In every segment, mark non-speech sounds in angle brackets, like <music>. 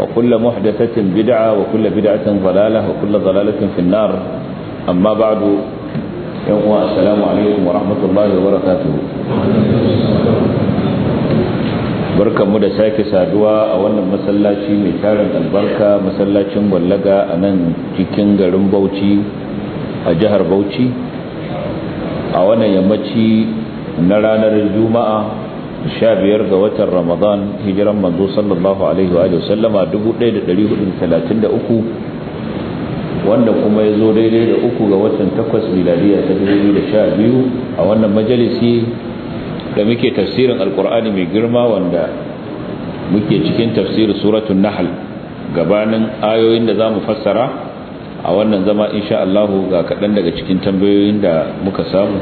وكل محدثة بدعة وكل بدعة ضلالة وكل ضلالة في النار أما بعد يوم السلام عليكم ورحمة الله وبركاته barkan mu da sake saduwa a wannan masallaci mai tarin albarka masallacin gwallaga a nan cikin garin bauchi a jihar bauchi a wannan yammaci na ranar juma'a sha biyar ga watan ramadan hijiran manzo sallallahu alaihi wa sallama 1433 wanda kuma ya zo daidai da uku ga watan takwas miladiya ta 2012 a wannan majalisi da muke tafsirin alkur'ani mai girma wanda muke cikin tafsirin suratun nahal gabanin ayoyin da za mu fassara a wannan zama insha Allah ga kaɗan daga cikin tambayoyin da muka samu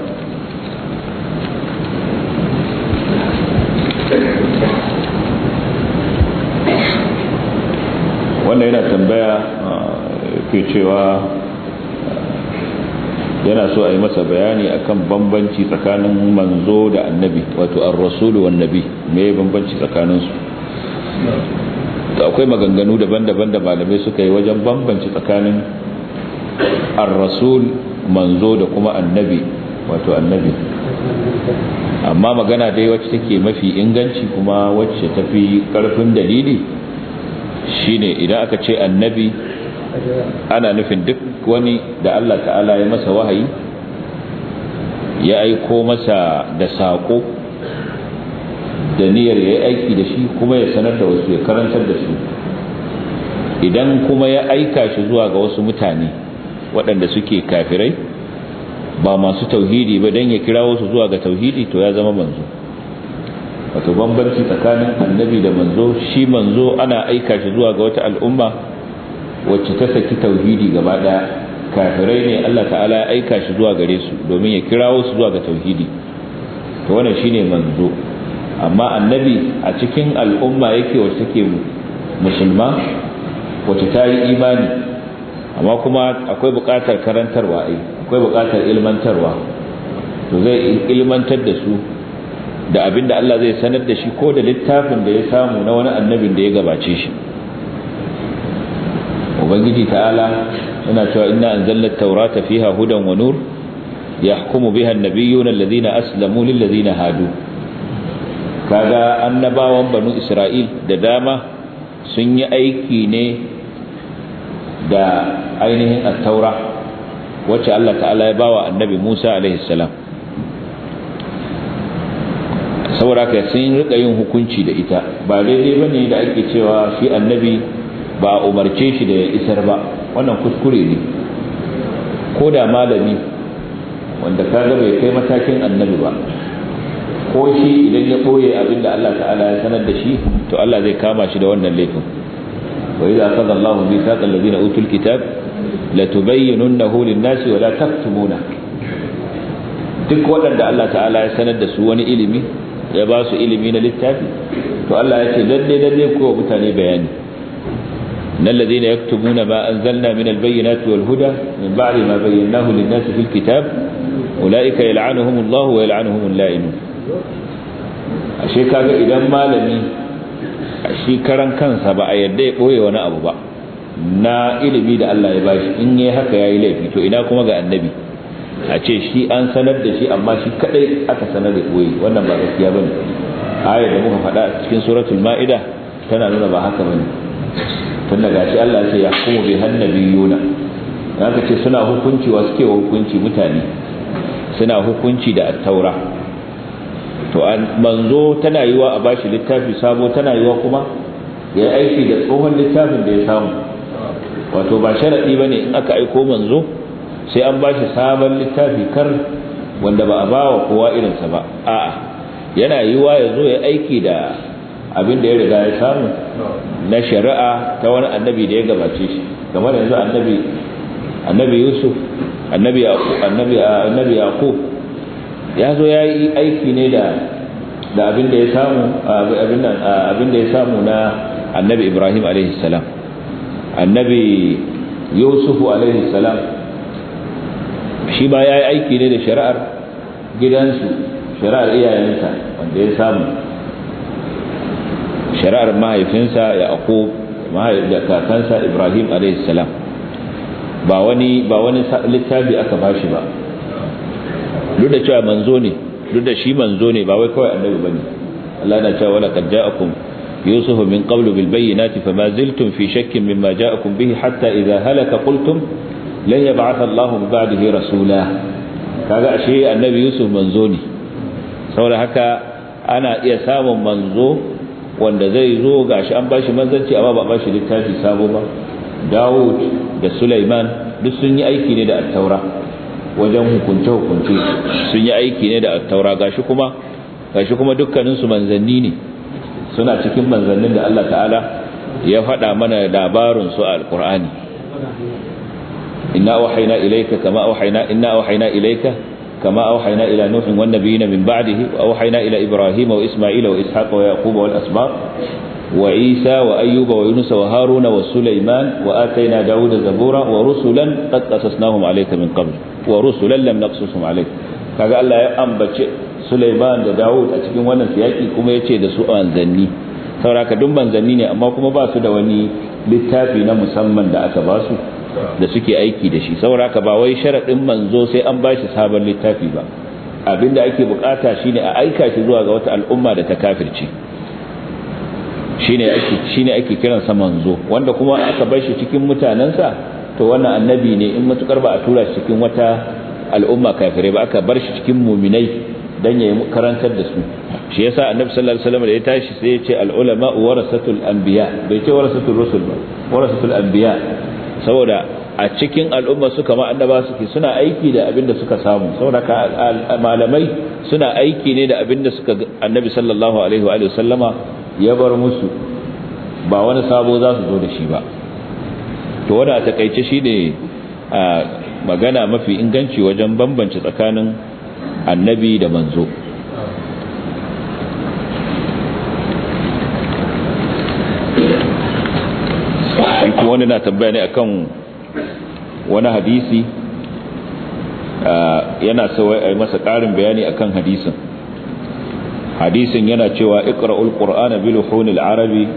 wanda yana tambaya ah, ke cewa yana so a yi masa bayani akan bambanci tsakanin manzo da annabi wato an rasulu annabi mai me bambanci tsakaninsu akwai maganganu daban-daban da malamai suka yi wajen bambanci tsakanin an rasul manzo da kuma annabi wato annabi amma magana dai wacce take mafi inganci kuma wacce tafi karfin dalili shine idan aka ce annabi ana nufin duk wani da Allah ta'ala ya masa wahayi ya aiko masa da saƙo da niyyar ya aiki da shi kuma ya sanar da wasu ya karantar da su idan kuma ya aika shi zuwa ga wasu mutane waɗanda suke kafirai ba masu tauhidi ba don ya kira wasu zuwa ga tauhidi to ya zama manzo wato bambanci tsakanin annabi da manzo shi manzo ana aika shi zuwa ga wata al'umma wacce ta saki tauhidi gaba daya kafirai ne Allah ta'ala ya aika shi zuwa gare su domin ya kirawo su zuwa ga tauhidi to wannan shine manzo amma annabi a cikin al'umma yake wacce take musulma wacce ta yi imani amma kuma akwai buƙatar karantarwa eh, akwai buƙatar ilmantarwa to zai ilmantar da su da abin da Allah zai sanar da shi ko da littafin da ya samu na wani annabin da ya gabace shi ubangiji ta'ala yana cewa inna anzalna at fiha hudan wa nur yahkumu biha an-nabiyyuna alladhina aslamu lil ladina hadu kaga annabawan banu isra'il da dama sun yi aiki ne da ainihin at-taura wacce Allah ta'ala ya bawa annabi Musa alaihi salam saboda ka sun rika yin hukunci da ita ba daidai bane da ake cewa shi annabi ba umarce shi da ya isar ba wannan kuskure ne ko da malami wanda kaga bai kai matakin annabi ba ko shi idan ya ɓoye abinda Allah ta'ala ya sanar da shi to Allah zai kama shi da wannan laifin wa idza qada Allahu bi saqa alladhina utul kitab la tubayyinunahu lin-nasi wa la taktumuna duk waɗanda Allah ta'ala ya sanar da su wani ilimi ya ba su ilimi na littafi to Allah ya ce lalle lalle ko mutane bayani nan ladina yaktubuna ma anzalna min albayyinati wal huda min ba'di ma bayyanahu lin nas fil kitab ulaika yal'anuhum Allah wa yal'anuhum al ashe kaga idan malami shi karan kansa ba a yadda ya boye wani abu ba na ilimi da Allah ya bashi in yayi haka yayi laifi to ina kuma ga annabi a ce shi an sanar da shi amma shi kadai aka sanar da koyi wannan ba gaskiya bane ayar da muka faɗa cikin suratul ma'ida tana nuna ba haka bane tunda gashi Allah ya ce yahkumu bi hannabiyuna haka ce suna hukunci wa suke hukunci mutane suna hukunci da attaura to an manzo tana yiwa a bashi littafi sabo tana yiwa kuma ya aiki da tsohon littafin da ya samu wato ba sharadi bane in aka aiko manzo sai an bashi sabon littafi kar wanda ba a ba wa kowa irinsa ba a'a yana wa ya zo ya aiki da abin da ya riga ya samu na shari'a ta wani annabi da ya gabace shi kamar yanzu annabi annabi yusuf annabi annabi annabi yaqub ya zo ya yi aiki ne da da abin da ya samu abin da abin da ya samu na annabi ibrahim alaihi salam annabi yusuf alaihi salam shi ba ya yi aiki ne da shari'ar gidansu shari'ar iyayensa wanda ya samu shari'ar mahaifinsa ya ako da kakansa ibrahim salam ba wani ba wani littafi aka bashi ba duk da cewa manzo ne duk da shi manzo ne ba wai kawai annabi ba ne. Allah yana cewa wala qad ja'akum يوسف من قبل بالبينات فما زلتم في شك مما جاءكم به حتى إذا هلك قلتم lan yab'atha Allahu ba'dahu rasula kaga ashe annabi Yusuf manzo ne saboda haka ana iya samun manzo wanda zai zo gashi an bashi manzanci amma ba bashi littafi sabo ba Dawud da Sulaiman duk sun yi aiki ne da attaura wajen hukunce hukunce sun yi aiki ne da attaura gashi kuma gashi kuma dukkanin su manzanni ne suna cikin manzannin da Allah ta'ala ya faɗa mana labarin su a alkur'ani inna auhayna ilayka kama auhayna inna auhayna ilayka kama auhayna ila nuhin wan nabiyina min ba'dihi wa auhayna ila ibrahima wa isma'ila wa ishaqa wa yaquba wal asbaq wa isa wa ayyuba wa yunusa wa haruna wa sulaiman wa atayna dauda zabura wa rusulan qad qasasnahum alayka min qabl wa rusulan lam naqsushum alayka kaga Allah ya ambace sulaiman da daud a cikin wannan siyaki kuma yace da su manzanni saboda ka dun manzanni ne amma kuma ba su da wani littafi na musamman da aka ba su da suke aiki da shi saboda haka ba wai sharadin manzo sai an bashi sabon littafi ba abinda ake bukata shine a aika shi zuwa ga wata al'umma da ta kafirce shine ake shine ake kiran sa manzo wanda kuma aka bar shi cikin mutanansa to wannan annabi ne in matukar ba a tura shi cikin wata al'umma kafire ba aka bar shi cikin muminai dan ya karantar da su shi yasa annabi sallallahu alaihi wasallam da ya tashi sai ya ce al ulama warasatul anbiya bai ce warasatul rusul ba warasatul anbiya saboda a cikin al'umma suka ma annaba suke suna aiki da abin da suka samu saboda ka malamai suna aiki ne da abin da suka annabi sallallahu alaihi wa sallama ya bar musu ba wani sabo za su zo da shi ba to wanda a takaice shi ne magana mafi inganci wajen bambance tsakanin annabi da manzo wani na tambaya ne akan wani hadisi yana sawai a masa ƙarin bayani akan hadisin hadisin yana cewa iqra'ul qur'ana bi luhunil arabi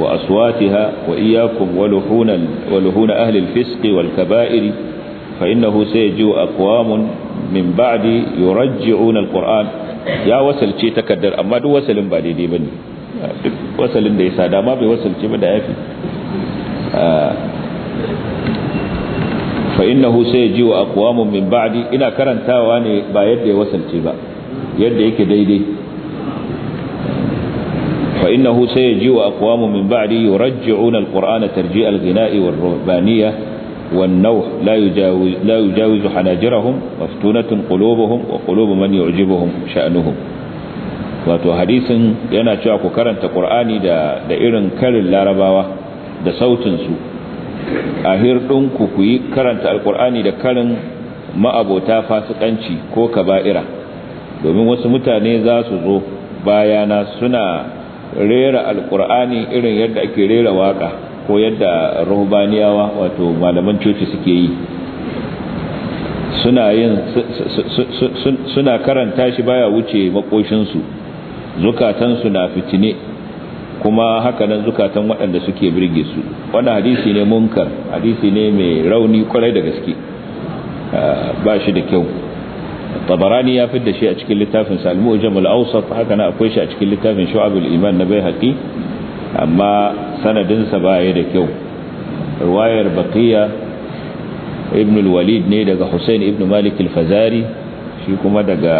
wa aswatiha wa iyyakum wa luhunal wa luhun ahli al-fisq wal kaba'ir fa innahu sayaju aqwamun min ba'di yurajji'una al ya wasalce takaddar amma duk wasalin ba daidai bane duk wasalin da ya dama bai wasalce ba da yafi fa sai ji wa aqwamun min ba'di ina karantawa ne ba yadda ya wasalce ba yadda yake daidai fa innahu sai ji wa aqwamun min ba'di yurajji'una alqur'ana tarji' alghina'i warrubaniyya والنوح لا يجاوز لا يجاوز حناجرهم مفتونة قلوبهم وقلوب من يعجبهم شأنهم wato hadisin yana cewa ku karanta ƙur'ani da da irin karin larabawa da sautinsu a hirɗinku ku yi karanta alkur'ani da karin ma'abota fasikanci ko kaba'ira domin wasu mutane za su zo bayana suna rera Alƙur'ani irin yadda ake rera waƙa ko yadda rahubaniyawa wato malaman coci suke yi suna karanta shi baya wuce maƙoshinsu, zukatansu na fitine kuma hakanan nan zukatan waɗanda suke birge su wannan hadisi ne munkar hadisi ne mai rauni kwarai da gaske ah, ba shi da kyau tabarani ya fidda shi a cikin littafin salmu jamul ausat haka nan akwai shi a cikin littafin shu'abul iman na bai baihaqi amma sanadin sa ba ya da kyau riwayar baqiya ibn al-walid ne daga husain ibn malik al-fazari shi kuma daga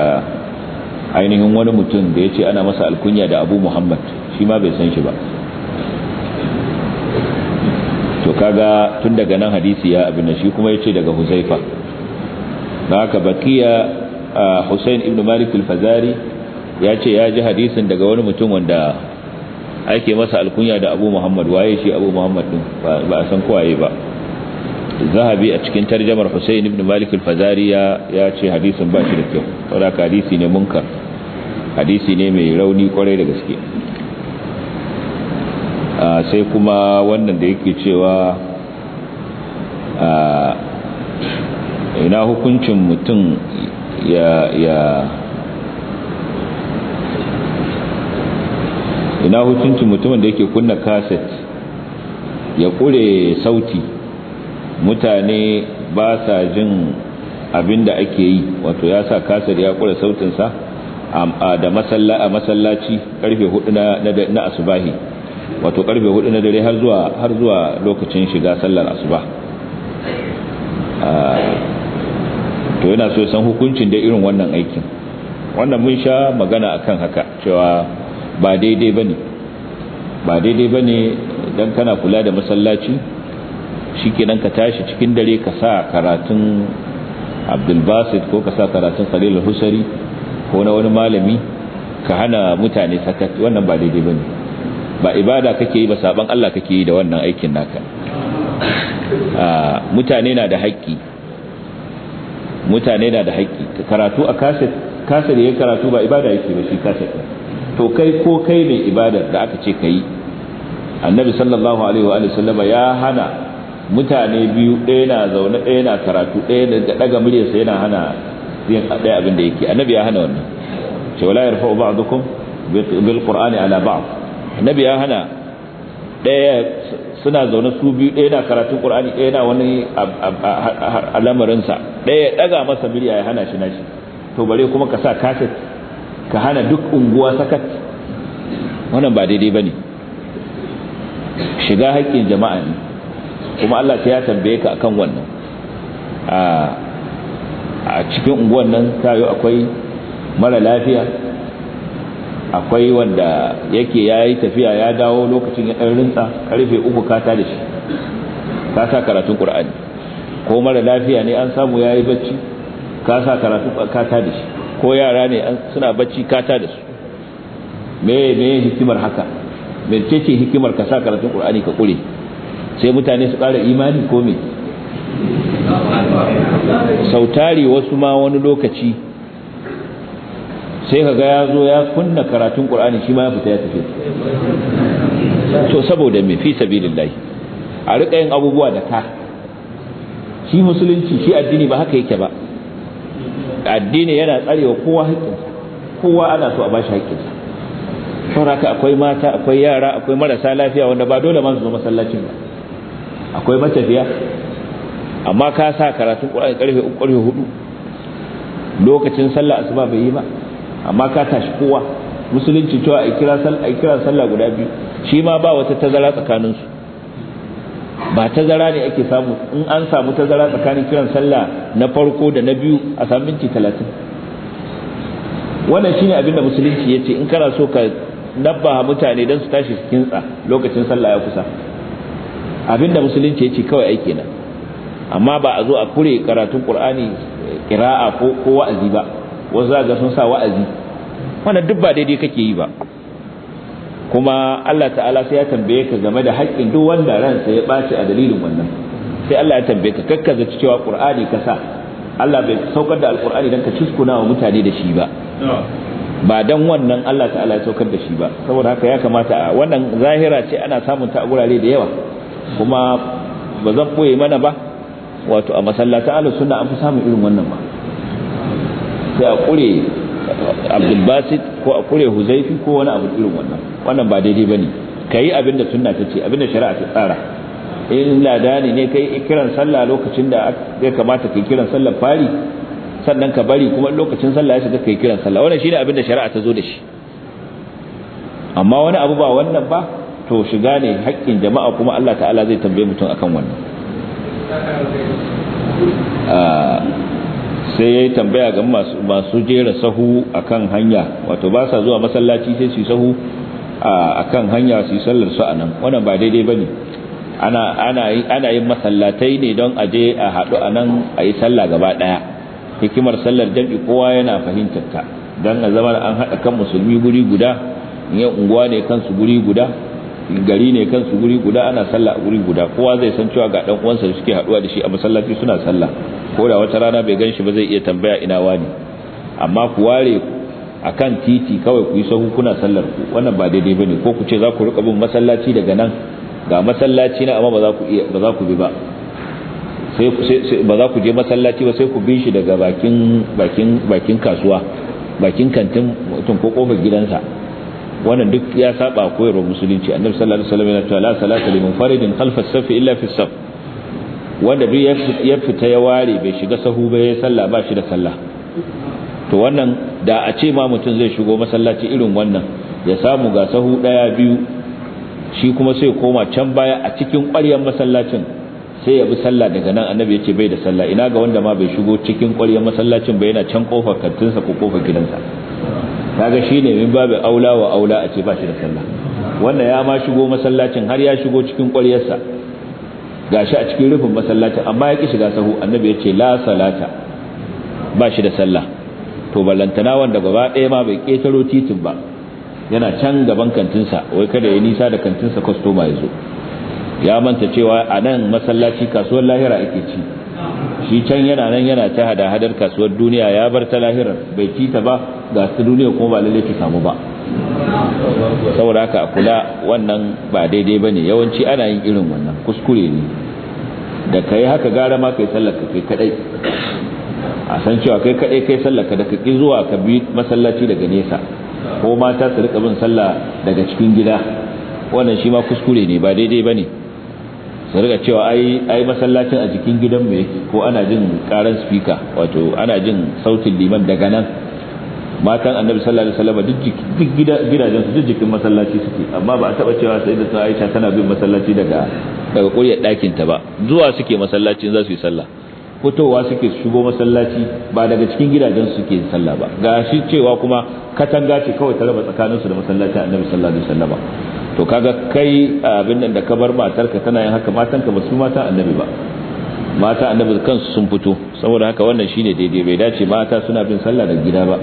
ainihin wani mutum da yace ana masa alkunya da abu muhammad shi ma bai san shi ba to kaga tun daga nan hadisi ya abin da shi kuma yace daga huzaifa da haka bakiya Hussein ibn Malik al ya ce ya ji hadisin daga wani mutum wanda ake masa alkunya da Abu Muhammad waye shi Abu Muhammad din ba a san kowaye ba zahabi a cikin tarjamar Hussein ibn Malik al ya ce hadisin ba shi da kyau saboda hadisi ne munkar hadisi ne mai rauni kwarai da gaske Ah, sai kuma wannan da yake cewa ah, ina hukuncin mutum ya ya ina hukuncin mutumin da yake kunna kaset ya kure sauti mutane ba sa jin abin da ake yi wato ya sa kaset ya kure sautinsa ah, da masallaci karfe hudu na asubahi wato karfe hudu na dare har zuwa lokacin shiga sallar asuba ah, to yana so san hukuncin da irin wannan aikin wannan mun sha magana akan haka cewa ba daidai bane ba daidai bane dan kana kula da masallaci shikenan ka tashi cikin dare ka sa karatun Abdul Basit ko ka sa karatun Khalil Husari ko na wani malami ka hana mutane sakat wannan ba daidai bane ba ibada kake yi ba saban Allah kake yi da wannan aikin naka ah, mutane na da haƙƙi mutane na da haƙƙi karatu a kaset kaset ya karatu ba ibada yake ba shi kaset to kai ko kai mai ibadar da aka ce kai annabi sallallahu alaihi wa sallama ya hana mutane biyu ɗaya na zaune ɗaya na karatu ɗaya da daga muryarsa yana hana yin ɗaya abin da yake annabi ya hana wannan ce wala yarfa'u ba'dukum bil qur'ani ala ba'd annabi ya hana ɗaya suna zaune su biyu ɗaya na karatun ƙur'ani ɗaya na wani al'amarinsa ɗaya ɗaga masa miliya ya hana shi na shi. to bare kuma ka sa kaset ka hana duk unguwa sakat wannan ba daidai ba ne shiga haƙƙin jama'a ne kuma Allah ta ya tambaye ka akan wannan a cikin unguwan nan tayo akwai mara lafiya akwai wanda yake ya yi tafiya ya dawo lokacin ya ɗan rinsa karfe uku kata da shi ka sa karatun ƙur'ani ko mara lafiya ne an samu ya yi bacci ka sa karatun kata da shi ko yara ne suna bacci kata da su me me hikimar haka ce hikimar ka sa karatun ƙur'ani ka ƙure sai mutane su ƙara imani ko me sautari wasu ma wani lokaci sai kaga ya zo ya kunna karatun qur'ani shi ma ya fita ya tafi to saboda me fi sabilillahi a rika yin abubuwa da ka shi musulunci shi addini ba haka yake ba addini yana tsarewa kowa haƙƙinsa kowa ana so a ba bashi haƙƙinsa sauraka akwai mata akwai yara akwai marasa lafiya wanda ba dole masu su zo masallacin ba akwai matafiya amma ka sa karatun ƙwarfe uku hudu lokacin sallah asuba bai yi ba amma ka tashi kowa musulunci cewa a kira sallah a kira sallah guda biyu shi ma ba wata tazara tsakanin su ba tazara ne ake samu in an samu tazara tsakanin kiran sallah na farko da na biyu a samu minti talatin wannan shine abin da musulunci ya ce in kana so ka nabbaha mutane don su tashi su kintsa lokacin sallah ya kusa abin da musulunci ya ce kawai aiki na amma ba a zo a kure karatun qur'ani kira'a eh, ko wa'azi ba wasu za ga sun sa wa'azi wannan duk ba daidai kake yi ba kuma Allah ta'ala sai ya tambaye ka game da haƙƙin duk wanda ransa ya baci a dalilin wannan sai Allah ya tambaye ka zaci cewa Qur'ani ka sa Allah bai saukar da Alƙur'ani dan ka cuskuna wa mutane da shi ba ba don wannan Allah ta'ala ya saukar da shi ba saboda haka ya kamata a wannan zahira ce ana samun ta a gurare da yawa kuma ba zan ɓoye mana ba wato a masallata ahlus sunna an fi samun irin wannan ba sai a kure abdulbasit ko a kure huzaifi ko wani abu irin wannan wannan ba daidai bane kai abin da sunna ta ce abin da shari'a ta tsara in ladani ne kai kiran sallah lokacin da ya kamata kai kiran sallah fari sannan ka bari kuma lokacin sallah ya shiga kai kiran sallah wannan shine abin da shari'a ta zo da shi amma wani abu ba wannan ba to shiga ne haƙƙin jama'a kuma Allah ta'ala zai tambaye mutum akan wannan ah. sai ya yi tambaya ga masu jera sahu a kan hanya wato ba sa zuwa masallaci sai su sahu a kan hanya su yi sallar su a nan wannan ba daidai ba ne ana yin masallatai ne don aje a haɗu a nan a yi sallah gaba ɗaya hikimar sallar jam'i kowa yana fahimtar ta don a zama an haɗa kan musulmi guri guda in yi unguwa ne kansu guri guda gari ne kansu guri guda ana sallah a guri guda kowa zai san cewa ga dan uwansa da suke haduwa da shi a masallaci suna sallah ko da wata rana bai ganshi ba zai iya tambaya ina wani amma ku ware akan titi kawai ku yi sahu kuna sallar ku wannan ba daidai bane ko ku ce za ku rika bin masallaci daga nan ga masallaci na amma ba za ku iya ba za ku bi ba sai ba za ku je masallaci ba sai ku bi shi daga bakin bakin bakin kasuwa bakin kantin mutum ko kofar gidansa wannan duk ya saba koyarwar musulunci annabi sallallahu alaihi wasallam yana cewa la salata liman faridin khalfa as-safi illa fi saf wanda duk ya fita ya ware bai shiga sahu ba ya sallah ba shi da salla to wannan da a ce ma mutum zai shigo masallaci irin wannan ya samu ga sahu daya biyu shi kuma sai koma can baya a cikin ƙwaryar masallacin sai ya bi sallah daga nan annabi ya ce bai da salla ina ga wanda ma bai shigo cikin ƙwaryar masallacin ba yana can kofar kantinsa ko kofar gidansa kaga shine min babu aula wa aula a ce ba shi da sallah wanda ya ma shigo masallacin har ya shigo cikin ƙwaryarsa gashi a cikin rufin masallacin amma ya ki shiga sahu annabi ya ce la salata ba shi da sallah to balantana wanda gaba ɗaya ma bai ƙetaro titin ba yana can gaban kantinsa wai kada ya nisa da kantinsa kwastoma ya zo ya manta cewa a nan masallaci kasuwar lahira ake ci shi can yana nan yana ta hada hadar kasuwar duniya ya bar ta lahirar bai kita ba ga su duniya kuma ba lalle ki samu ba saboda ka a kula wannan ba daidai bane yawanci ana yin irin wannan kuskure ne da kai haka gara ma kai sallaka kai kadai a san cewa kai kadai kai sallaka da ka ƙi zuwa ka bi masallaci daga nesa ko mata su rika bin sallah daga cikin gida wannan shi ma kuskure ne ba daidai bane ne su riga cewa ai ai masallacin a cikin gidan mu yake ko ana jin karan speaker wato ana jin sautin liman daga nan matan annabi sallallahu alaihi wasallam duk gidajen su duk jikin masallaci suke amma ba a taba cewa sai da Aisha tana bin masallaci daga daga ƙuryar ɗakin ta ba zuwa suke masallacin za su yi sallah fitowa suke shigo masallaci ba daga cikin gidajen su suke sallah ba ga shi cewa kuma katanga ce kawai ta raba tsakaninsu da masallacin annabi sallallahu alaihi wasallam to kaga kai abin nan da ka bar matarka tana yin haka matanka ba su mata annabi ba mata annabi kansu sun fito saboda haka wannan shine daidai bai dace mata suna bin sallah da gida ba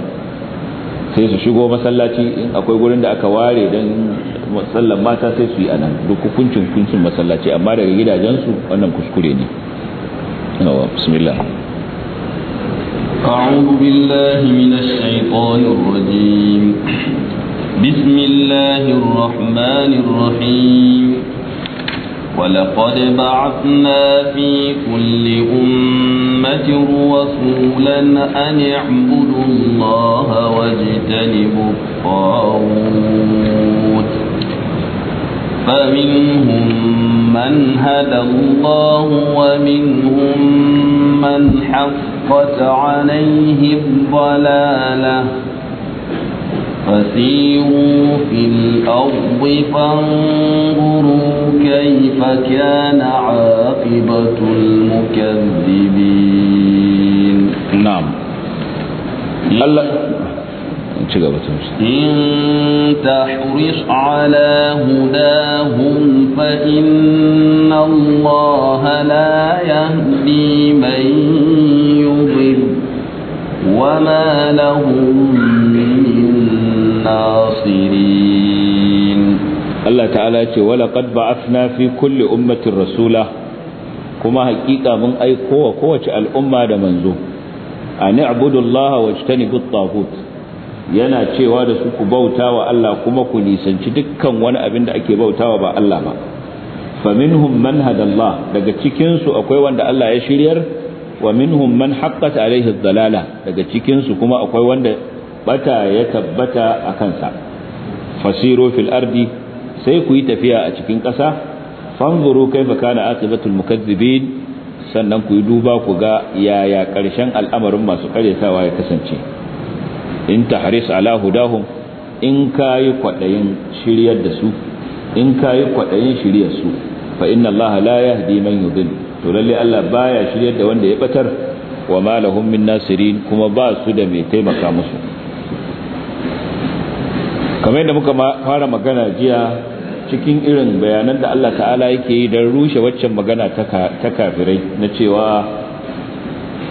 sai su shigo masallaci in akwai gurin da aka ware don sallan mata sai su yi anan duk hukuncin hukuncin masallaci amma daga gidajensu wannan kuskure ne yawa bismillah أعوذ بالله من الشيطان الرجيم بسم الله الرحمن الرحيم ولقد بعثنا في كل أمة رسولا أن اعبدوا الله واجتنبوا الطاغوت فمنهم من هدى الله ومنهم من حقت عليه الضلاله فسيروا في الأرض فانظروا كيف كان عاقبة المكذبين نعم الله إن تحرص على هداهم فإن الله لا يهدي من يضل وما لهم الناصرين الله تعالى ولقد بعثنا في كل أمة رسولا كما حقيقة من أي قوة قوة الأمة دمنزو أن اعبدوا الله واجتنبوا الطاغوت yana cewa da su ku bauta wa Allah kuma ku nisanci dukkan wani abin ake bautawa ba Allah ba faminhum man ya shiryar wa minhum man alaihi dhalala bata ya tabbata a kansa fasiro fil ardi sai ku yi tafiya a cikin ƙasa fanzuru kaifa kana aqibatul mukazzibin sannan ku yi duba ku ga yaya ƙarshen al'amarin masu ƙaryatawa ya kasance in tahris ala hudahum in kayi kwaɗayin shiryar da su in kayi kwaɗayin shiryar su fa inna Allah la yahdi man yudhil to lalle Allah baya shiryar da wanda ya batar wa ma lahum min nasirin kuma ba su da mai taimaka musu kamar yadda muka fara magana jiya cikin irin bayanan da Allah ta'ala yake yi don rushe waccan magana ta kafirai na cewa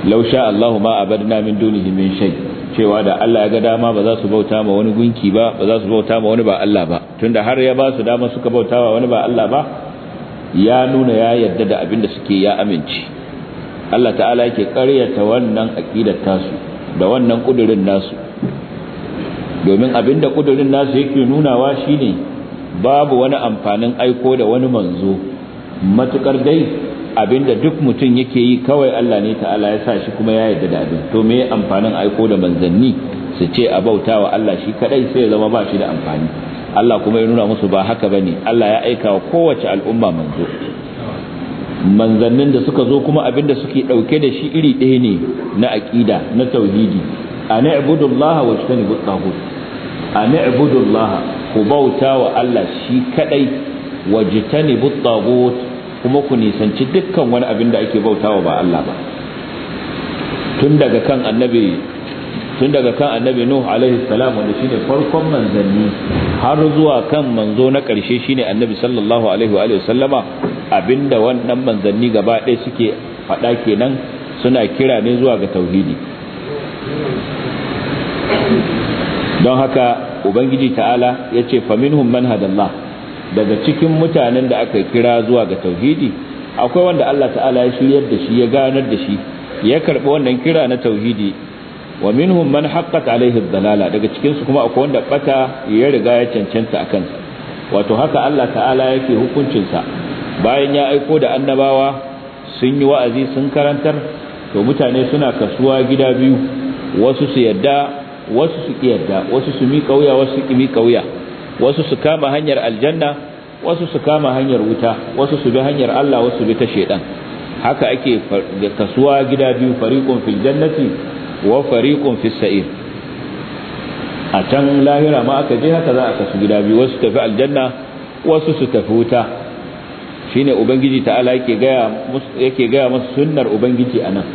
lausha Allahu ma abadna min dunihi min shay cewa da Allah ya ga dama ba za su bauta ma wani gunki ba ba za su bauta ma wani ba Allah ba tunda har ya ba su dama suka bauta wa wani ba Allah ba ya nuna ya yadda da abin da suke ya amince Allah ta'ala yake karyata wannan aqidar tasu da wannan kudurin nasu domin abin da kudurin nasu yake nunawa shine babu wani amfanin aiko da wani manzo matukar dai abinda duk mutum yake yi kawai Allah ne ta'ala ya sa shi kuma ya yarda da abin to me amfanin aiko da manzanni su ce a bautawa Allah shi kadai sai ya zama ba shi da amfani Allah kuma ya nuna musu ba haka bane Allah ya aika wa kowace al'umma manzo manzannin da suka zo kuma abin da suke dauke da shi iri ɗaya ne na aqida na tauhidi ana ibudullaha wa tajtanibut taghut an ibudullah ku bauta wa Allah shi kadai wajtanibu at-taghut kuma ku nisanci dukkan wani abin da ake bauta wa ba Allah ba tun daga kan annabi tun daga kan annabi nuh alaihi salam wanda shine farkon manzanni har zuwa kan manzo na karshe shine annabi sallallahu alaihi wa alihi sallama abinda wannan manzanni gaba ɗaya suke faɗa kenan suna kira ne zuwa ga tauhidi don haka ubangiji ta'ala ya ce faminhum man hadallah daga cikin mutanen da aka kira zuwa ga tauhidi akwai wanda Allah ta'ala ya shiryar da shi ya ganar da shi ya karbi wannan kira na tauhidi wa minhum man haqqat alaihi dalala daga cikin su kuma akwai wanda bata ya riga ya cancanta akan sa wato haka Allah ta'ala yake hukuncin sa bayan ya aiko da annabawa sun yi wa'azi sun karantar to mutane suna kasuwa gida biyu wasu su yadda wasu su kiyarda wasu su mi kauya wasu su mi kauya wasu su kama hanyar aljanna wasu su kama hanyar wuta wasu su bi hanyar Allah wasu bi ta shedan haka ake kasuwa gida biyu fariqun fil jannati wa fariqun fis sa'ir a can lahira ma aka je haka za a kasu gida biyu wasu tafi aljanna wasu su tafi wuta shine ubangiji ta'ala yake gaya yake gaya masu sunnar ubangiji anan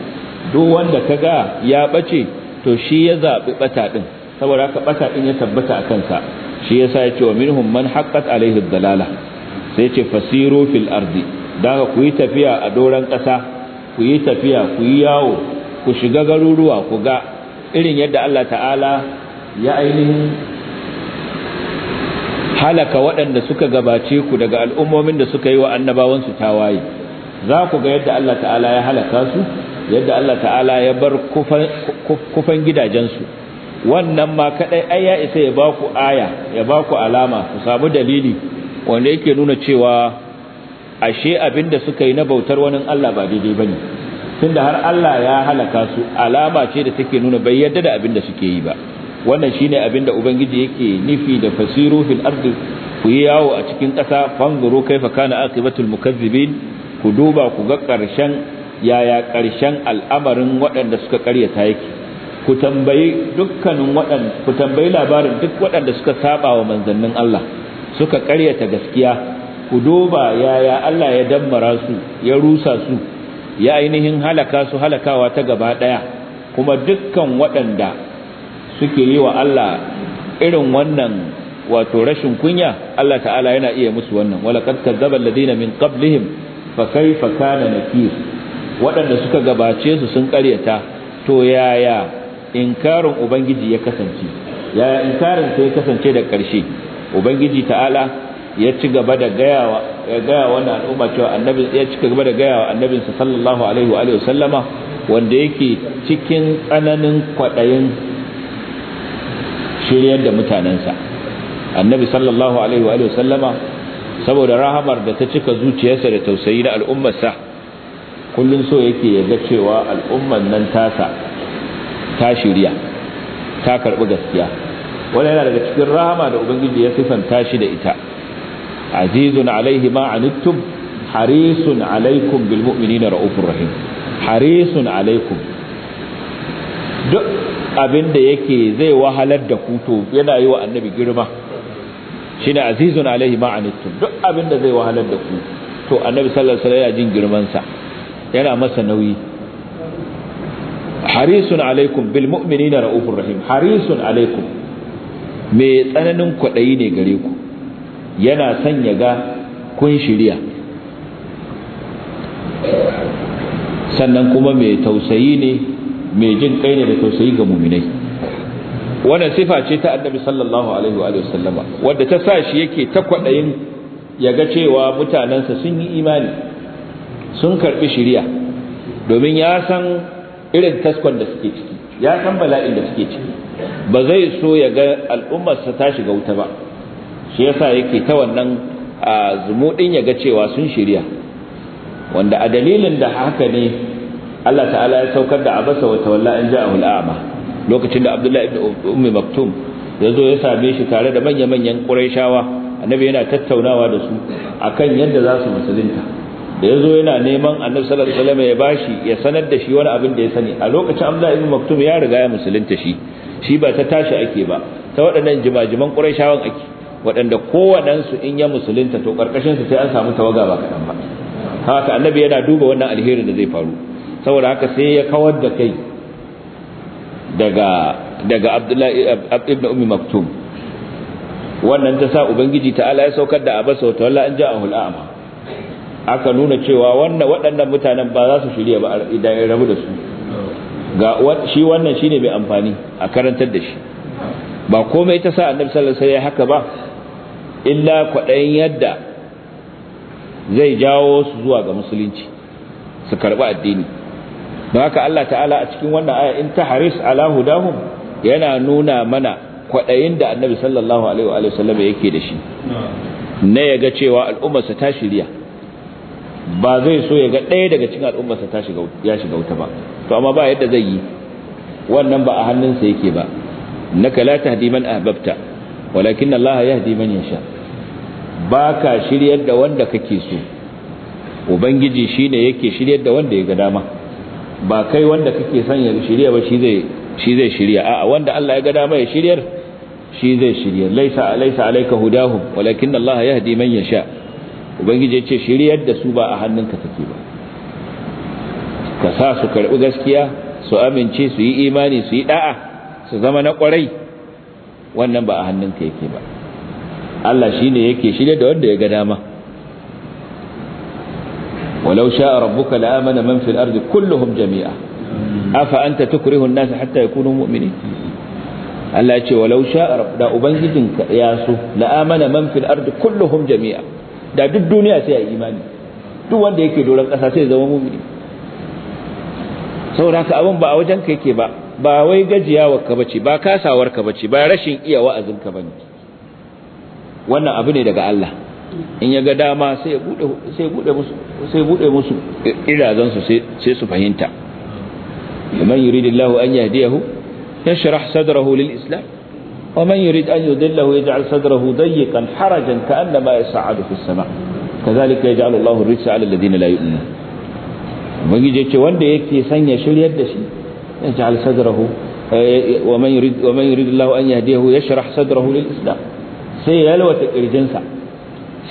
duk wanda kaga ya bace to shi ya zabi bata din saboda haka bata din ya tabbata a kansa shi yasa ya ce wa minhum man haqqat alaihi dalala sai ce fasiru fil ardi daga ku yi tafiya a doran kasa ku yi tafiya ku yi yawo ku shiga garuruwa ku ga irin yadda Allah ta'ala ya ainihin halaka waɗanda suka gabace ku daga al'ummomin da suka yi wa annabawansu tawaye za ku ga yadda Allah ta'ala ya halaka su yadda Allah ta'ala ya bar kufan gidajensu wannan ma kadai ai ya isa ya baku aya ya baku alama ku samu dalili wanda yake nuna cewa ashe abinda suka yi na bautar wani Allah ba daidai bane tunda har Allah ya halaka su alama ce da take nuna bai yarda da abinda suke yi ba wannan shine abinda ubangiji yake nufi da fasiru fil ardi ku yi yawo a cikin ƙasa fangaro kaifa kana aqibatul mukazzibin ku duba ku ga ƙarshen yaya ƙarshen al'amarin waɗanda suka ƙaryata yake ku tambayi dukkanin ku tambayi labarin duk waɗanda suka saba wa manzannin Allah suka ƙaryata gaskiya ku duba yaya Allah ya dammara su ya rusa su ya ainihin halaka su halakawa ta gaba ɗaya kuma dukkan waɗanda suke yi wa Allah irin wannan wato rashin kunya Allah ta'ala yana iya musu wannan walaqad kadzdzaba alladheena min qablihim fa kaifa kana nakir waɗanda suka gabace su sun ƙaryata to yaya inkarin ubangiji ya kasance ya inkarin sai ya kasance da ƙarshe ubangiji ta'ala ya ci gaba da gayawa ya gaya wannan al'umma cewa annabi ya ci gaba da gayawa annabinsa sallallahu alaihi wa sallama wanda yake cikin tsananin kwaɗayin shiryar da mutanensa annabi sallallahu alaihi wa sallama saboda rahamar da ta cika zuciyarsa da tausayi na al'ummarsa kullun so yake ya ga cewa al'ummar nan tasa ka shirya ka karbi gaskiya wani yana daga cikin rahama da ubangiji ya sifanta shi da ita azizun alaihi ma anittum harisun alaikum bil mu'minina raufur rahim harisun alaikum duk abin da yake zai wahalar da ku to yana yi wa annabi girma shine azizun alaihi ma anittum duk abin da zai wahalar da ku to annabi sallallahu alaihi wasallam yana jin girman sa yana masa nauyi harisun alaikum bil mu'minina raufur rahim harisun alaikum me tsananin kwaɗayi ne gare ku yana son ya ga kun shirya sannan kuma mai tausayi ne mai jin kai ne da tausayi ga muminai wannan sifa ce ta annabi sallallahu alaihi wa sallama wadda ta sa shi yake ta kwaɗayin ya ga cewa mutanansa sun yi imani sun karɓi shirya domin ya san irin taskon da suke ciki ya san bala'in da suke ciki ba zai so ya ga al'ummarsa ta shiga wuta ba shi yasa yake ta wannan zumuɗin ya ga cewa sun shirya wanda a dalilin da haka ne Allah ta'ala ya saukar da abasa wa tawalla an ja'ahu al'ama lokacin da Abdullahi ibn umm, Ummi Maktum ya zo ya same shi tare da manya-manyan Qurayshawa annabi yana tattaunawa da su akan yadda za su musulunta da ya zo yana neman annabi sallallahu alaihi wasallam ya bashi ya sanar da shi wani abin da ya sani a lokacin amza ibn maktum ya riga ya musulunta shi shi ba ta tashi ake ba ta waɗannan jimajiman quraishawan ake waɗanda kowaɗansu in ya musulunta to karkashin su sai an samu tawaga ba kaɗan ba haka annabi yana duba wannan alherin da zai faru saboda haka sai ya kawar da kai daga daga abdullahi ibn ummi maktum wannan ta sa ubangiji ta'ala ya saukar da abasa wa wallahi an ja'ahu al'ama aka nuna cewa wannan waɗannan mutanen ba za su shirya ba idan ya rabu da su ga shi wannan shine mai amfani a karantar da shi ba komai ta sa annabi sallallahu alaihi wasallam haka ba illa kwaɗayin yadda zai jawo su zuwa ga musulunci su karɓi addini don haka Allah ta'ala a cikin wannan aya in ta haris ala hudahum yana nuna mana kwaɗayin da annabi sallallahu alaihi wasallam yake da shi na yaga cewa sa ta shirya ba zai so ya ga ɗaya daga cikin al'ummarsa ta shiga ya shiga wuta ba to amma ba yadda zai yi wannan ba a hannunsa yake ba naka la tahdi man ahbabta walakin Allah yahdi man yasha ka shiryar da wanda kake so ubangiji shine yake shiryar da wanda ya ga dama ba kai wanda kake son ya shirya ba shi zai shi zai shirya a'a wanda Allah ya ga dama ya shiryar shi zai shirya laisa laysa alayka hudahum walakin Allah yahdi man yasha ubangiji ya ce shiryar da su ba a hannunka take ba ka sa su karɓi gaskiya su amince su yi imani su yi da'a su zama na kwarai wannan ba a hannunka yake ba Allah shi ne yake shirya da wanda ya ga dama walau sha'a rabbuka la'amana man fil ardi kulluhum jami'a afa anta tukrihu an-nas hatta yakunu mu'minin Allah ya ce walau sha'a da ubangijinka ya so la'amana man fil ardi kulluhum jami'a da duk duniya sai a imani duk wanda yake doron ƙasa sai zama mumini saboda haka abin ba a wajen ka yake ba ba wai gajiyawa ka bace ba kasawar ka bace ba rashin iya wa'azin ka bane wannan abu ne daga Allah in ya ga dama sai bude sai bude musu sai bude musu irazan su sai su fahimta man yuridillahu an yahdiyahu yashrah sadrahu lil islam ومن يريد أن يضله يجعل صدره ضيقا حرجا كأنما يصعد في السماء كذلك يجعل الله الرجس على الذين لا يؤمنون ubangiji ya ce wanda yake sanya ya da shi ya ji alsadrahu wa man yurid Allah an yahdihu yashrah sadrahu lil islam sai ya yalwata kirjinsa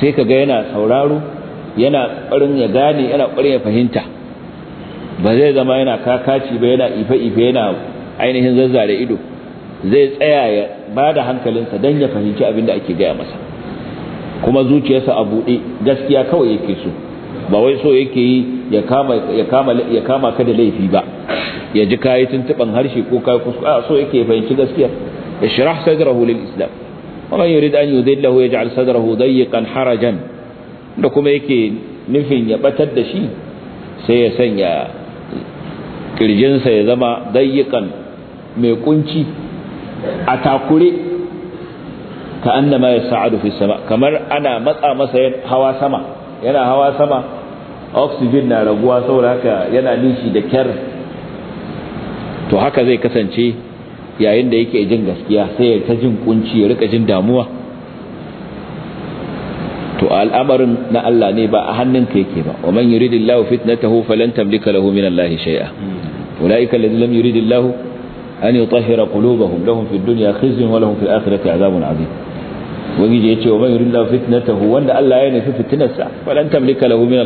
sai kaga yana sauraro yana ƙarin ya gane yana ƙarin fahimta ba zai zama yana kakaci ba yana ife ife yana ainihin zazzare ido zai tsaya ya ba da hankalinsa don ya fahimci abin da ake gaya masa kuma zuciyarsa a buɗe gaskiya kawai yake so ba wai so yake yi ya kama ka da laifi ba ya ji kayi tuntuɓan harshe ko kayi kuskure so yake ya fahimci gaskiya ya shirah sadrahu lil islam wa man yurid an yudillahu yaj'al sadrahu dayyiqan harajan da kuma yake nufin ya batar da shi sai ya sanya kirjinsa ya zama kan mai kunci a takure ka annama sa'adu fi sama kamar ana matsa masa hawa sama yana hawa sama oxygen na raguwa saboda haka yana nishi da kyar to haka zai kasance yayin da yake jin gaskiya sai ya ta jin kunci ya rika jin damuwa to al'amarin na Allah ne ba a hannun ka yake ba wa man yuridillahu fitnatahu falan tamlika lahu minallahi shay'a hmm. ulaika alladhina lam yuridillahu an yutahhira qulubahum lahum fid dunya khizyun wa lahum fil ya ce wa man yuridu wanda Allah ya nufi fitnarsa falan tamlika lahu min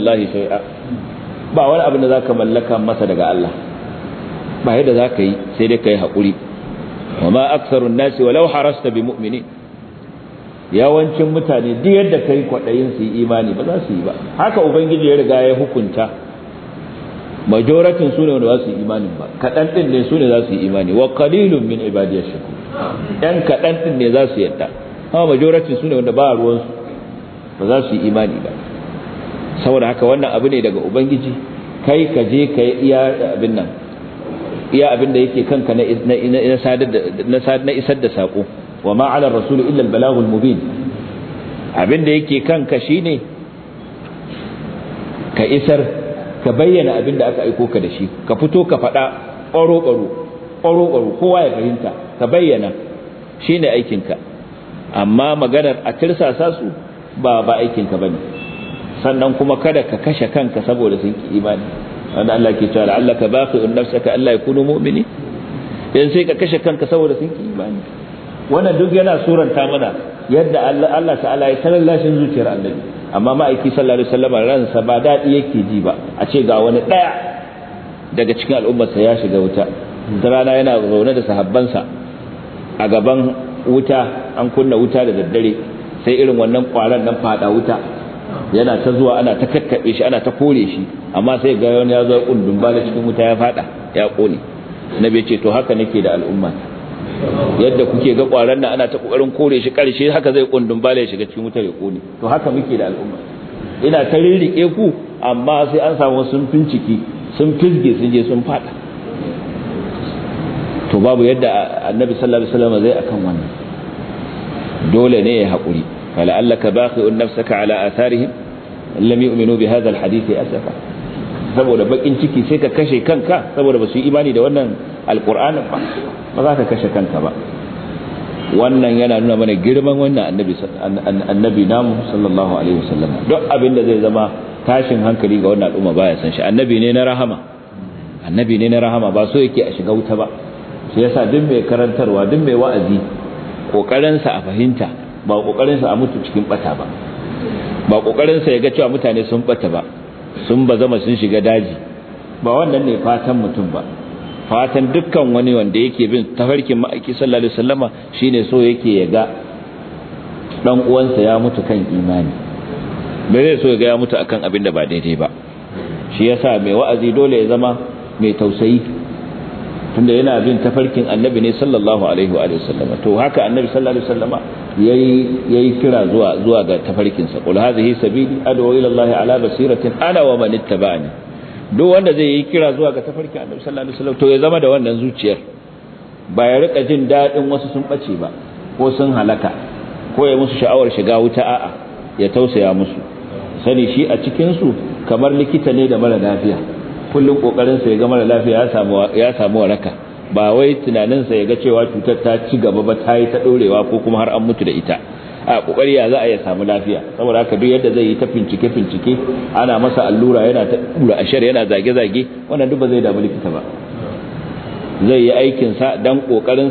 ba wani abin da zaka mallaka masa daga Allah ba yadda zaka yi sai dai kai hakuri bi yawancin mutane duk yadda kai kwaɗayin su imani ba za su yi ba haka ubangiji ya riga ya hukunta majoratin su ne wanda za su yi imanin ba kaɗan ɗin ne su ne za su yi imani wa qalilun min ibadiyar shaku ɗan kaɗan ɗin ne za su yadda amma majoratin su ne wanda ba ruwansu ba za su yi imani ba saboda haka wannan abu ne daga ubangiji kai ka je ka yi iya abin nan iya abin da yake kanka na isar da saƙo wa ma'alar rasulu illa balagul mubin abin da yake kanka shine ka isar ka bayyana abin da aka aiko ka da shi ka fito ka faɗa ƙwaro-ƙwaro ƙwaro-ƙwaro kowa ya fahimta ka bayyana shi ne aikinka amma maganar a tirsasa su ba ba aikinka ba ne sannan kuma kada ka kashe kanka saboda sun ki imani wanda Allah ke cewa Allah ka baki un nafsaka Allah ya kunu mu'mini yanzu sai ka kashe kanka saboda sun ki imani wannan duk yana suranta mana yadda Allah ta'ala ya sanar lashin zuciyar annabi amma ma'aiki sallallahu alaihi wasallam ransa ba dadi yake ji ba a ce ga wani ɗaya daga cikin al'ummarsa ya shiga wuta ta rana yana zaune da sahabbansa a gaban wuta an kunna wuta da daddare sai irin wannan ƙwarar nan fada wuta yana ta zuwa ana ta kakkaɓe shi ana ta kore shi amma sai ga wani ya zo kundun ba da cikin wuta ya fada ya kone bai ce to haka nake da al'umma yadda kuke ga ƙwarar nan ana ta kokarin kore shi karshe haka zai kundun ba ya shiga cikin wuta ya kone to haka muke da al'umma ina ta rirrike ku amma sai an samu sun finciki sun fizge sun je sun fada to babu yadda annabi sallallahu alaihi wasallam zai akan wannan dole ne ya haƙuri fala'allaka baqi'un nafsaka ala atharihim lam yu'minu bi hadha alhadith asafa saboda bakin ciki sai ka kashe kanka saboda ba su yi imani da wannan alqur'anin ba ba za ka kashe kanka ba wannan yana nuna mana girman wannan annabi annabi namu sallallahu alaihi wasallam duk abin da zai zama tashin hankali ga wannan al'umma baya san shi annabi ne na rahama annabi ne na rahama ba so yake a shiga wuta ba shi yasa duk mai karantarwa duk mai wa'azi kokarin sa a fahimta ba kokarin sa a mutu cikin bata ba ba kokarin sa ya ga cewa mutane sun bata ba sun bazama sun shiga daji ba wannan ne fatan mutum ba fatan dukkan wani wanda yake bin tafarkin ma'aiki sallallahu alaihi wasallama shine so yake ya ga dan uwansa ya mutu kan imani me zai so ya ga ya mutu akan abin da ba daidai ba shi yasa mai wa'azi dole ya zama mai tausayi tunda yana bin tafarkin annabi ne sallallahu alaihi wa sallama to haka annabi sallallahu alaihi wa sallama yayi yayi kira zuwa zuwa ga tafarkin sa qul hadhihi sabili ad'u ila allah ala basiratin ana wa man ittaba'ani duk wanda zai yi kira zuwa ga tafarkin annabi sallallahu alaihi wa sallam to ya zama da wannan zuciyar ba ya rika jin dadin wasu sun bace ba ko sun halaka ko ya musu sha'awar shiga wuta a'a ya tausaya musu sani shi a cikinsu kamar likita ne da mara lafiya kullum sa ya ga mara lafiya ya samu waraka ba wai tunaninsa ya ga cewa cutar ta ci gaba ba ta yi ta ɗorewa ko kuma har an mutu da ita a kokari ya za a ya samu lafiya saboda haka duk yadda zai yi ta fincike fincike ana masa allura yana ta dura ashar yana zage-zage wannan duk ba zai damu likita ba zai yi aikinsa don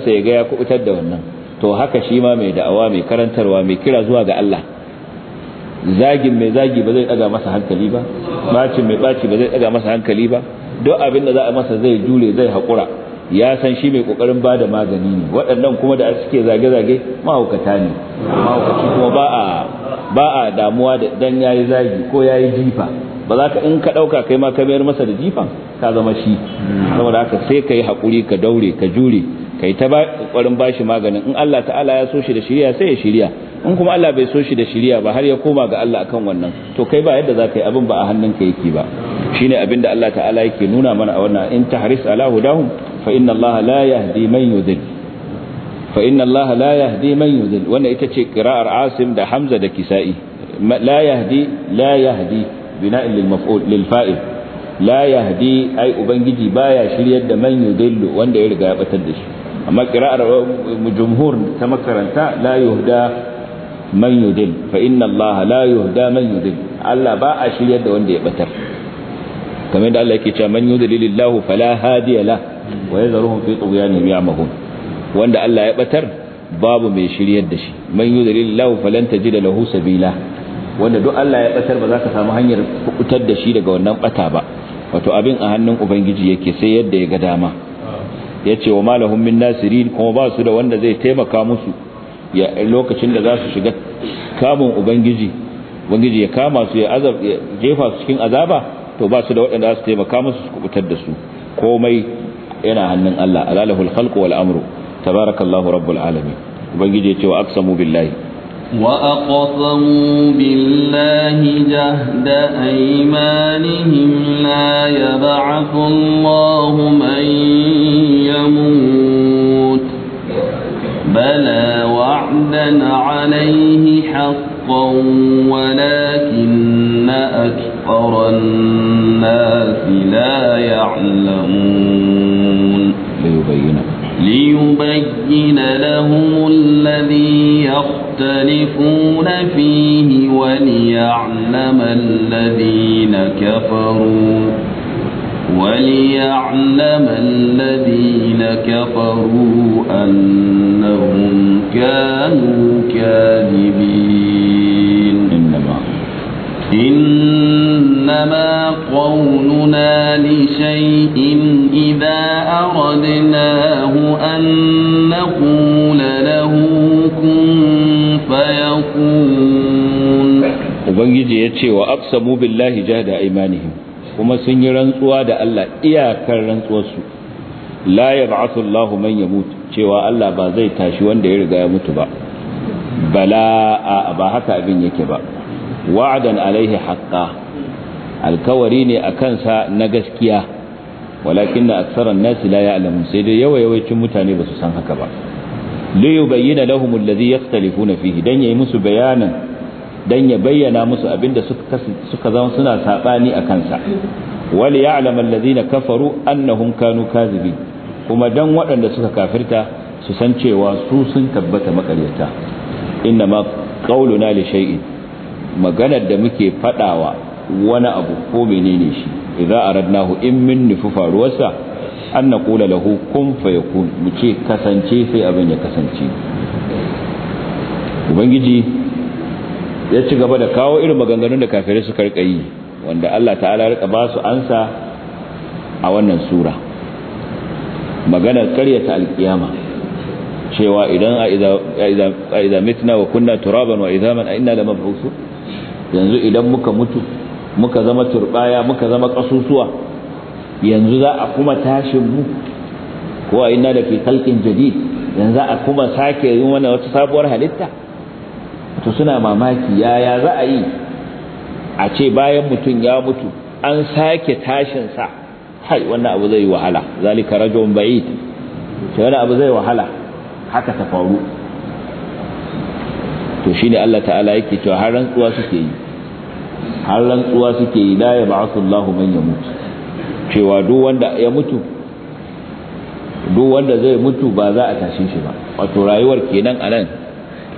sa ya ga ya kubutar da wannan to haka shi ma mai da'awa mai karantarwa mai kira zuwa ga Allah zagin mai zagi ba zai daga masa hankali ba bacin mai baci ba zai daga masa hankali ba duk abin da za a masa zai jure zai haƙura ya san shi mai kokarin ba da magani ne waɗannan kuma da suke zage-zage mahaukata ne mahaukaci kuma ba a ba a damuwa da dan yayi zagi ko yayi jifa ba za ka in ka ɗauka kai ma ka mayar masa da jifan ka zama shi saboda haka sai ka yi haƙuri ka daure ka jure kai ta kokarin bashi maganin in Allah ta'ala ya so shi da shiriya sai ya shiriya in kuma Allah bai so shi da shiriya ba har ya koma ga Allah akan wannan to kai ba yadda zaka yi abin ba a hannunka yake ba shine abin da Allah ta'ala yake nuna mana a wannan in tahris ala hudahum fa inna Allah la yahdi man yudil fa inna Allah la yahdi man yudil wannan ita ce qira'ar Asim da Hamza da Kisa'i la yahdi la yahdi bina'in lil maf'ul lil fa'il la yahdi ay ubangiji baya shiryar da man yudil wanda ya riga ya batar da shi amma qira'ar uh, jumhur ta makaranta la yuhda man yudil fa inna Allah la yuhda man yudil Allah ba a shiryar da wanda ya batar kamar yadda Allah yake cewa man yudlilillahu fala hadiya la wa yadhruhum fi tughyanihim ya'mahun wanda Allah ya batar babu mai shiryar da shi man yudlilillahu falan tajida lahu sabila wanda duk Allah ya batar ba za ka samu hanyar kubutar da shi daga wannan bata ba wato abin a hannun ubangiji yake sai yadda ya ga dama ya ce wa malahun min nasirin kuma ba su da wanda zai taimaka musu lokacin da za su shiga kamun ubangiji ubangiji ya kama su ya jefa su cikin azaba to ba su da waɗanda za su taimaka musu su kubutar da su komai yana hannun Allah alalahul khalqu wal amru tabarakallahu rabbul alamin ubangiji ya ce wa aqsamu billahi وأقسموا بالله جهد أيمانهم لا يبعث الله من يموت بلى وعدا عليه حقا ولكن أكثر الناس لا يعلمون ليبينه ليبين لهم الذي يختلفون فيه وليعلم الذين كفروا وليعلم الذين كفروا أنهم كانوا كاذبين إنما قولنا لشيء إذا أردناه أن نقول له كن فيكون وبنجي يتشي وأقسموا بالله جهد أيمانهم وما سنجران سواد ألا إياكا رنسوسو لا يبعث الله من يموت cewa Allah ba شوان tashi يموت ya riga ya mutu ba bala wa'adan alaihi haqqa alkawari ne a kansa na gaskiya walakin na aksaran nasi la ya'lamun sai dai yawa yawaicin mutane ba su san haka ba li yubayyana lahum alladhi yakhtalifuna fihi dan yayi musu bayanan dan ya bayyana musu abinda suka suka zama suna sabani a kansa wal ya'lam alladhina kafaru annahum kanu kazibin kuma dan waɗanda suka kafirta su san cewa su sun tabbata makaryata inna ma qauluna li shay'in maganar da muke fadawa wani abu ko menene shi idza aradnahu in min nufu faruwarsa an naqula lahu kun fayakun muke kasance sai abin ya kasance ubangiji ya ci gaba da kawo irin maganganun da kafirai su karka yi wanda Allah ta'ala rika ba su ansa a wannan sura maganar karyata alkiyama cewa idan a idza mitna wa kunna turaban wa idhaman a inna lamab'usun yanzu idan muka mutu muka zama turbaya muka zama kasusuwa yanzu za a kuma tashin mu ko a ina da ke kalkin jadid yanzu a kuma sake yin wani wata sabuwar halitta to suna mamaki yaya za a yi a ce bayan mutum ya mutu an sake tashin sa hai wannan abu zai wahala zalika rajulun ba'id ce wani abu zai wahala haka ta faru to shine Allah ta'ala yake cewa har rantsuwa suke yi har rantsuwa suke yi la yab'athu Allahu man mutu. cewa duk wanda ya mutu duk wanda zai mutu ba za a tashe shi ba wato rayuwar kenan anan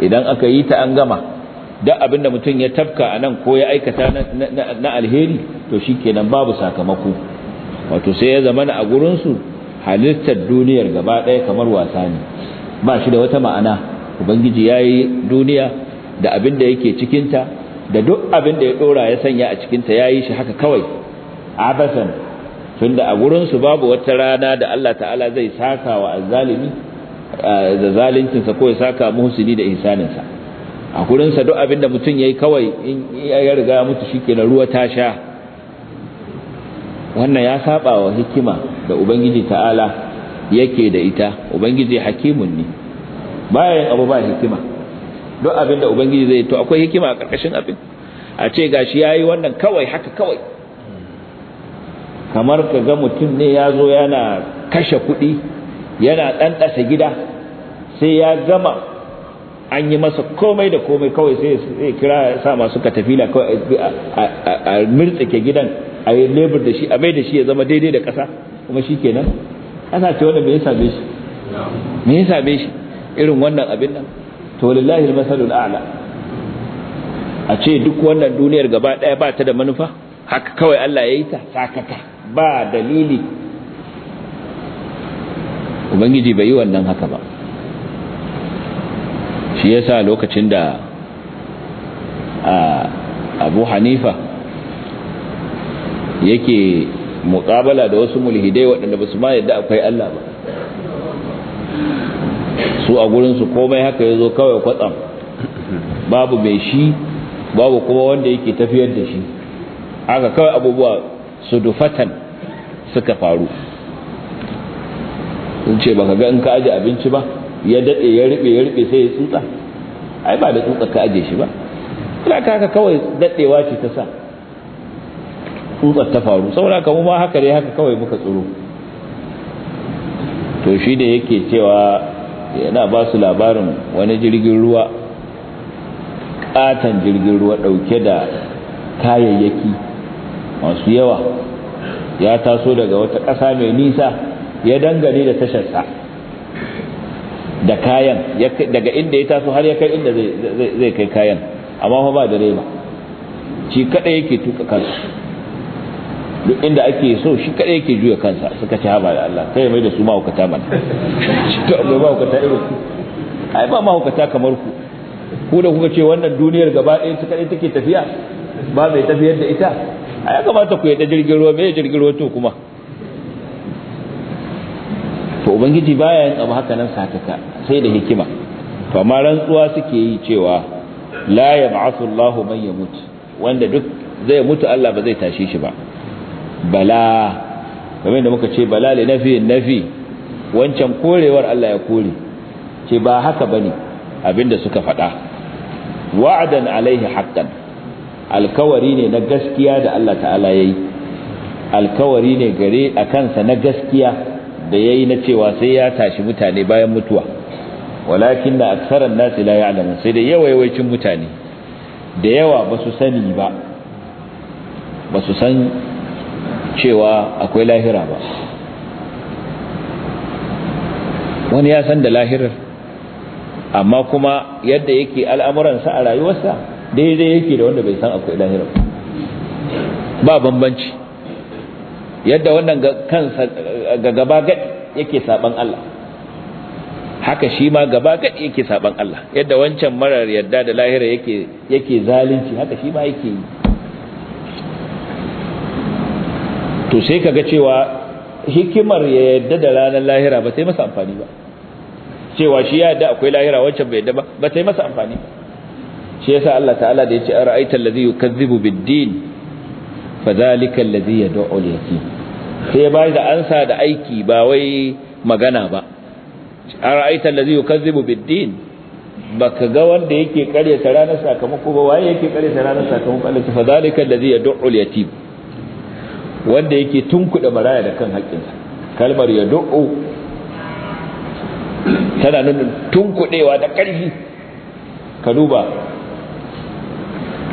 idan aka yi ta an gama duk abinda mutum ya tafka anan ko ya aikata na alheri to shi kenan babu sakamako wato sai ya zamana a gurin su halittar duniyar gaba ɗaya kamar wasa ne ba shi da wata ma'ana ubangiji ya yi duniya da abin da yake cikinta da duk abin da ya dora ya sanya a cikinta ya yi shi haka kawai abasan tunda a gurinsu babu wata rana da Allah ta'ala zai saka wa azalimi da zalincinsa ko ya saka muhsini da insaninsa a gurinsa duk abin da mutum ya yi kawai in ya riga mutu shi kenan ruwa ta sha wannan ya saba wa hikima da ubangiji ta'ala yake da ita ubangiji hakimun ne baya yin abu ba hikima duk abin da ubangiji zai to akwai hikima a karkashin abin a ce gashi yayi wannan kawai haka kawai kamar ka ga mutum ne ya zo yana kashe kuɗi yana ɗanɗasa gida sai ya gama an yi masa komai da komai kawai sai ya kira sa masu katafila kawai a mirtsake gidan a yi lebur da shi a mai da shi ya zama daidai da ƙasa kuma shi kenan ana ce wanda me ya same shi me ya same shi irin wannan abin nan to lillahi almasalul a'la a ce duk wannan duniyar gaba daya ba ta da manufa haka kawai Allah ya yi ta sakata ba dalili ubangiji bai yi wannan haka ba shi yasa lokacin da abu hanifa yake muƙabala da wasu mulhidai waɗanda ba su ma yadda akwai Allah ba su a gurinsu komai haka ya zo kawai kwatsam babu mai shi babu kuma wanda yake tafiyar da shi haka kawai abubuwa su dufatan suka faru sun ce baka ga in ka aje abinci ba ya daɗe ya riɓe ya riɓe sai ya tsutsa ai ba da tsutsa ka aje shi ba ina ka haka kawai daɗewa ce ta sa tsutsar ta faru saboda kamu ma haka dai haka kawai muka tsoro to shi da yake cewa yana ba su labarin wani jirgin ruwa katon jirgin ruwa dauke da kayayyaki masu yawa ya taso daga wata ƙasa mai nisa ya dangane da tasharsa da kayan daga inda ya taso har ya kai inda zai kai kayan amma ba da raba. shi kada yake tuka kansu duk inda ake so shi kada yake juya kansa suka ci haba da Allah kai mai da su mahaukata mana <laughs> to ba mahaukata irin ku ai ba mahaukata kamar ku ku da kuka ce wannan duniyar gaba ɗaya ta kadai take tafiya ba mai tafiyar da ita ai kamata ku yadda jirgin ruwa mai jirgin ruwa to kuma to ubangiji baya yin abu haka nan sakaka sai da hikima to amma rantsuwa suke yi cewa la yab'athu Allahu man yamut wanda duk zai mutu Allah ba zai tashe shi ba bala kamar da muka ce bala li nafi nafi wancan korewar Allah ya kore ce ba haka bane abinda suka faɗa wa'adan alaihi haqqan alkawari ne na gaskiya da Allah ta'ala yayi alkawari ne gare a kansa na gaskiya da yayi na cewa sai ya tashi mutane bayan mutuwa walakin da aksaran nasi la ya'lamu sai da yawayawacin mutane da yawa ba su sani ba ba su san cewa akwai lahira ba wani ya san da lahirar amma kuma yadda yake al'amuransa a rayuwarsa daidai yake da wanda bai san akwai lahirar ba bambanci yadda wannan kansa ga gaba gadi yake saban Allah haka shi ma gaba gadi yake saban Allah yadda wancan marar yadda da lahira yake yake zalunci haka shi ma yake yi to sai kaga cewa hikimar ya yadda da ranar lahira ba sai masa amfani ba cewa shi ya yadda akwai lahira wancan bai yadda ba ba sai masa amfani ba shi yasa Allah ta'ala da yace ara'aita allazi yukazzibu bid-din fadhalika allazi yad'u al-yatim sai bai da ansa da aiki ba wai magana ba ara'aita allazi yukazzibu bid-din baka ga wanda yake karyata ranar sakamako ba waye yake karyata ranar sakamako Allah fadhalika allazi yad'u al-yatim wanda yake tunkuɗa maraya da kan haƙƙinsa kalmar ya do'o tana nuna tunkuɗewa da ƙarfi ka duba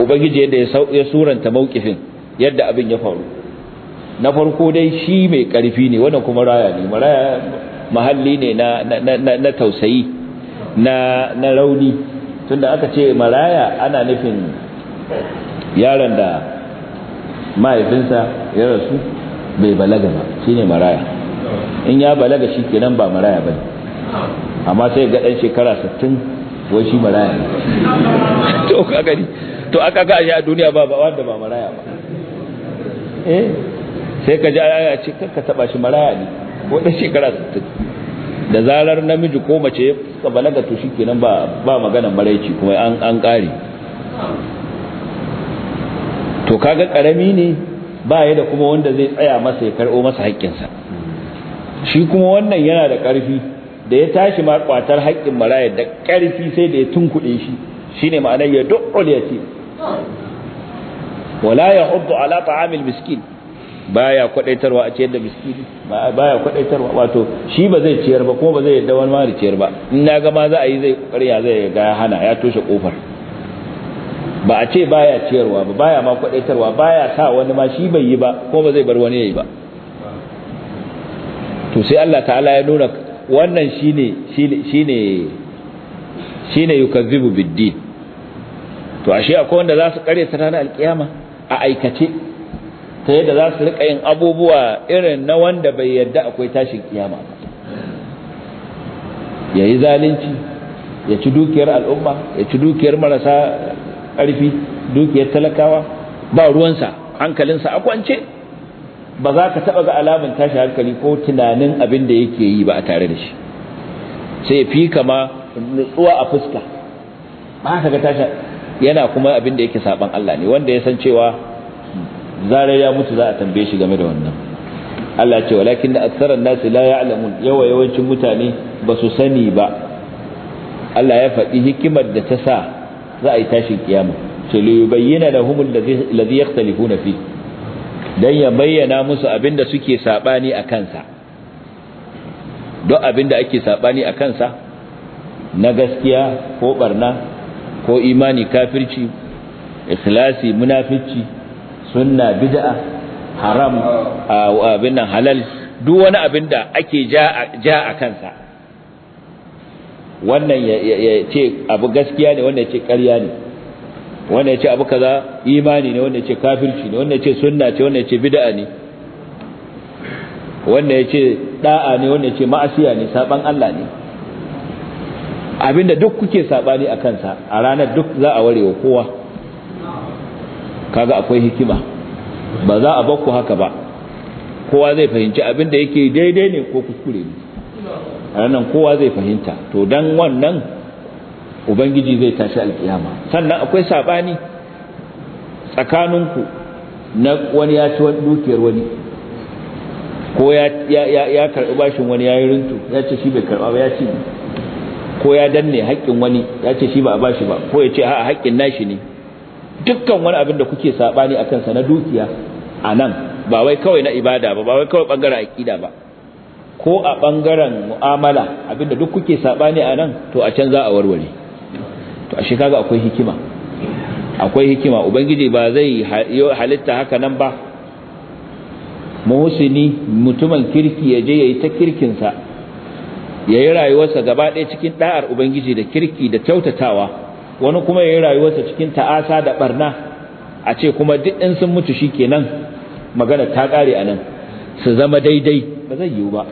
ubangiji yadda ya suranta mawkifin yadda abin ya faru na farko dai shi mai ƙarfi ne wannan kuma raya ne maraya mahalli ne na tausayi na rauni tunda aka ce maraya ana nufin yaron da mahaifinsa ya rasu bai balaga ba shine maraya in ya balaga shi kenan ba maraya ba amma sai ga ɗan shekara 60 wai shi maraya ne <laughs> to ka gani to aka ga a duniya ba ba wanda ba maraya ba eh sai ka ji aya ce kanka taba shi maraya ne ɗan shekara 60 da zarar namiji ko mace ya balaga to shikenan ba ba magana maraici kuma an an to kaga karami ne ba ya da kuma wanda zai tsaya masa ya karbo masa haƙƙinsa shi kuma wannan yana da ƙarfi da ya tashi ma kwatar haƙƙin maraya da ƙarfi sai da ya tunkuɗe shi shine ma'anar ya ya ce. wala hudu ala ta'amil miskin baya kwadaitarwa a ciyar da miskini baya kwadaitarwa wato shi ba zai ciyar ba kuma ba zai yadda wani ma ciyar ba in na ga ma za a yi zai kokari ya zai ga hana ya toshe kofar ba a ce baya ciyarwa ba baya ma kwadaitarwa baya sa wani ma shi bai yi ba ko ba zai bar wani yayi ba to sai Allah ta'ala ya nuna wannan shine shine shine shine yukazzibu biddin to ashe akwai wanda za su kare ta ranar alkiyama a aikace ta yadda za su rika yin abubuwa irin na wanda bai yarda akwai tashin kiyama ba yayi zalunci ya ci dukiyar al'umma ya ci dukiyar marasa ƙarfi dukiyar talakawa ba ruwansa hankalinsa a kwance ba za ka taɓa ga alamun tashi hankali ko tunanin abin da yake yi ba a tare da shi sai fi kama nutsuwa a fuska ba ka ga tashi yana kuma abin da yake saban Allah ne wanda ya san cewa zarar ya mutu za a tambaye shi game da wannan Allah ce walakin da aksaran nasi la ya'lamun yawa yawancin mutane ba su sani ba Allah ya faɗi hikimar da ta sa za a yi tashin kiyama ce humul da lahum alladhi na fi dan ya bayyana musu abinda suke sabani a kansa don abinda ake sabani a kansa na gaskiya ko barna ko imani kafirci ikhlasi munafici sunna bid'a haram abin nan halal duk wani abin da ake ja a kansa wannan ya ce abu gaskiya ne wannan ya ce ƙarya ne wannan ya ce abu kaza imani ne wannan ya ce kafirci ne wannan ya ce sunna ce wannan ya ce bid'a ne wannan ya ce da'a ne wannan ya ce ma'asiya ne saban Allah ne abinda duk kuke sabani a kansa a ranar duk za a warewa kowa kaga akwai hikima ba za a bakku haka ba kowa zai fahimci abinda yake daidai ne ko kuskure ne ranan kowa zai fahimta to dan wannan ubangiji zai tashi alkiyama sannan akwai sabani tsakaninku na wani ya ci dukiyar wani ko ya karɓi bashin wani ya yi rintu ya ce shi bai karɓa ba ya ci ko ya danne haƙƙin wani ya ce shi ba a bashi ba ko ya ce a haƙƙin nashi ne dukkan wani abin da kuke saɓani a kansa na dukiya a nan ba wai kawai na ibada ba ba wai kawai ɓangaren aƙida ba ko a ɓangaren mu'amala abinda duk kuke saɓani a nan to a can za a warware to a shekaga akwai hikima akwai hikima ubangiji ba zai halitta haka nan ba muhsini mutumin kirki ya je yayi ta kirkinsa yayi rayuwarsa gaba ɗaya cikin ɗa'ar ubangiji da kirki da kyautatawa wani kuma yayi rayuwarsa cikin ta'asa da barna a ce kuma duk in sun mutu shi shikenan magana ta kare anan su zama daidai ba zai yiwu ba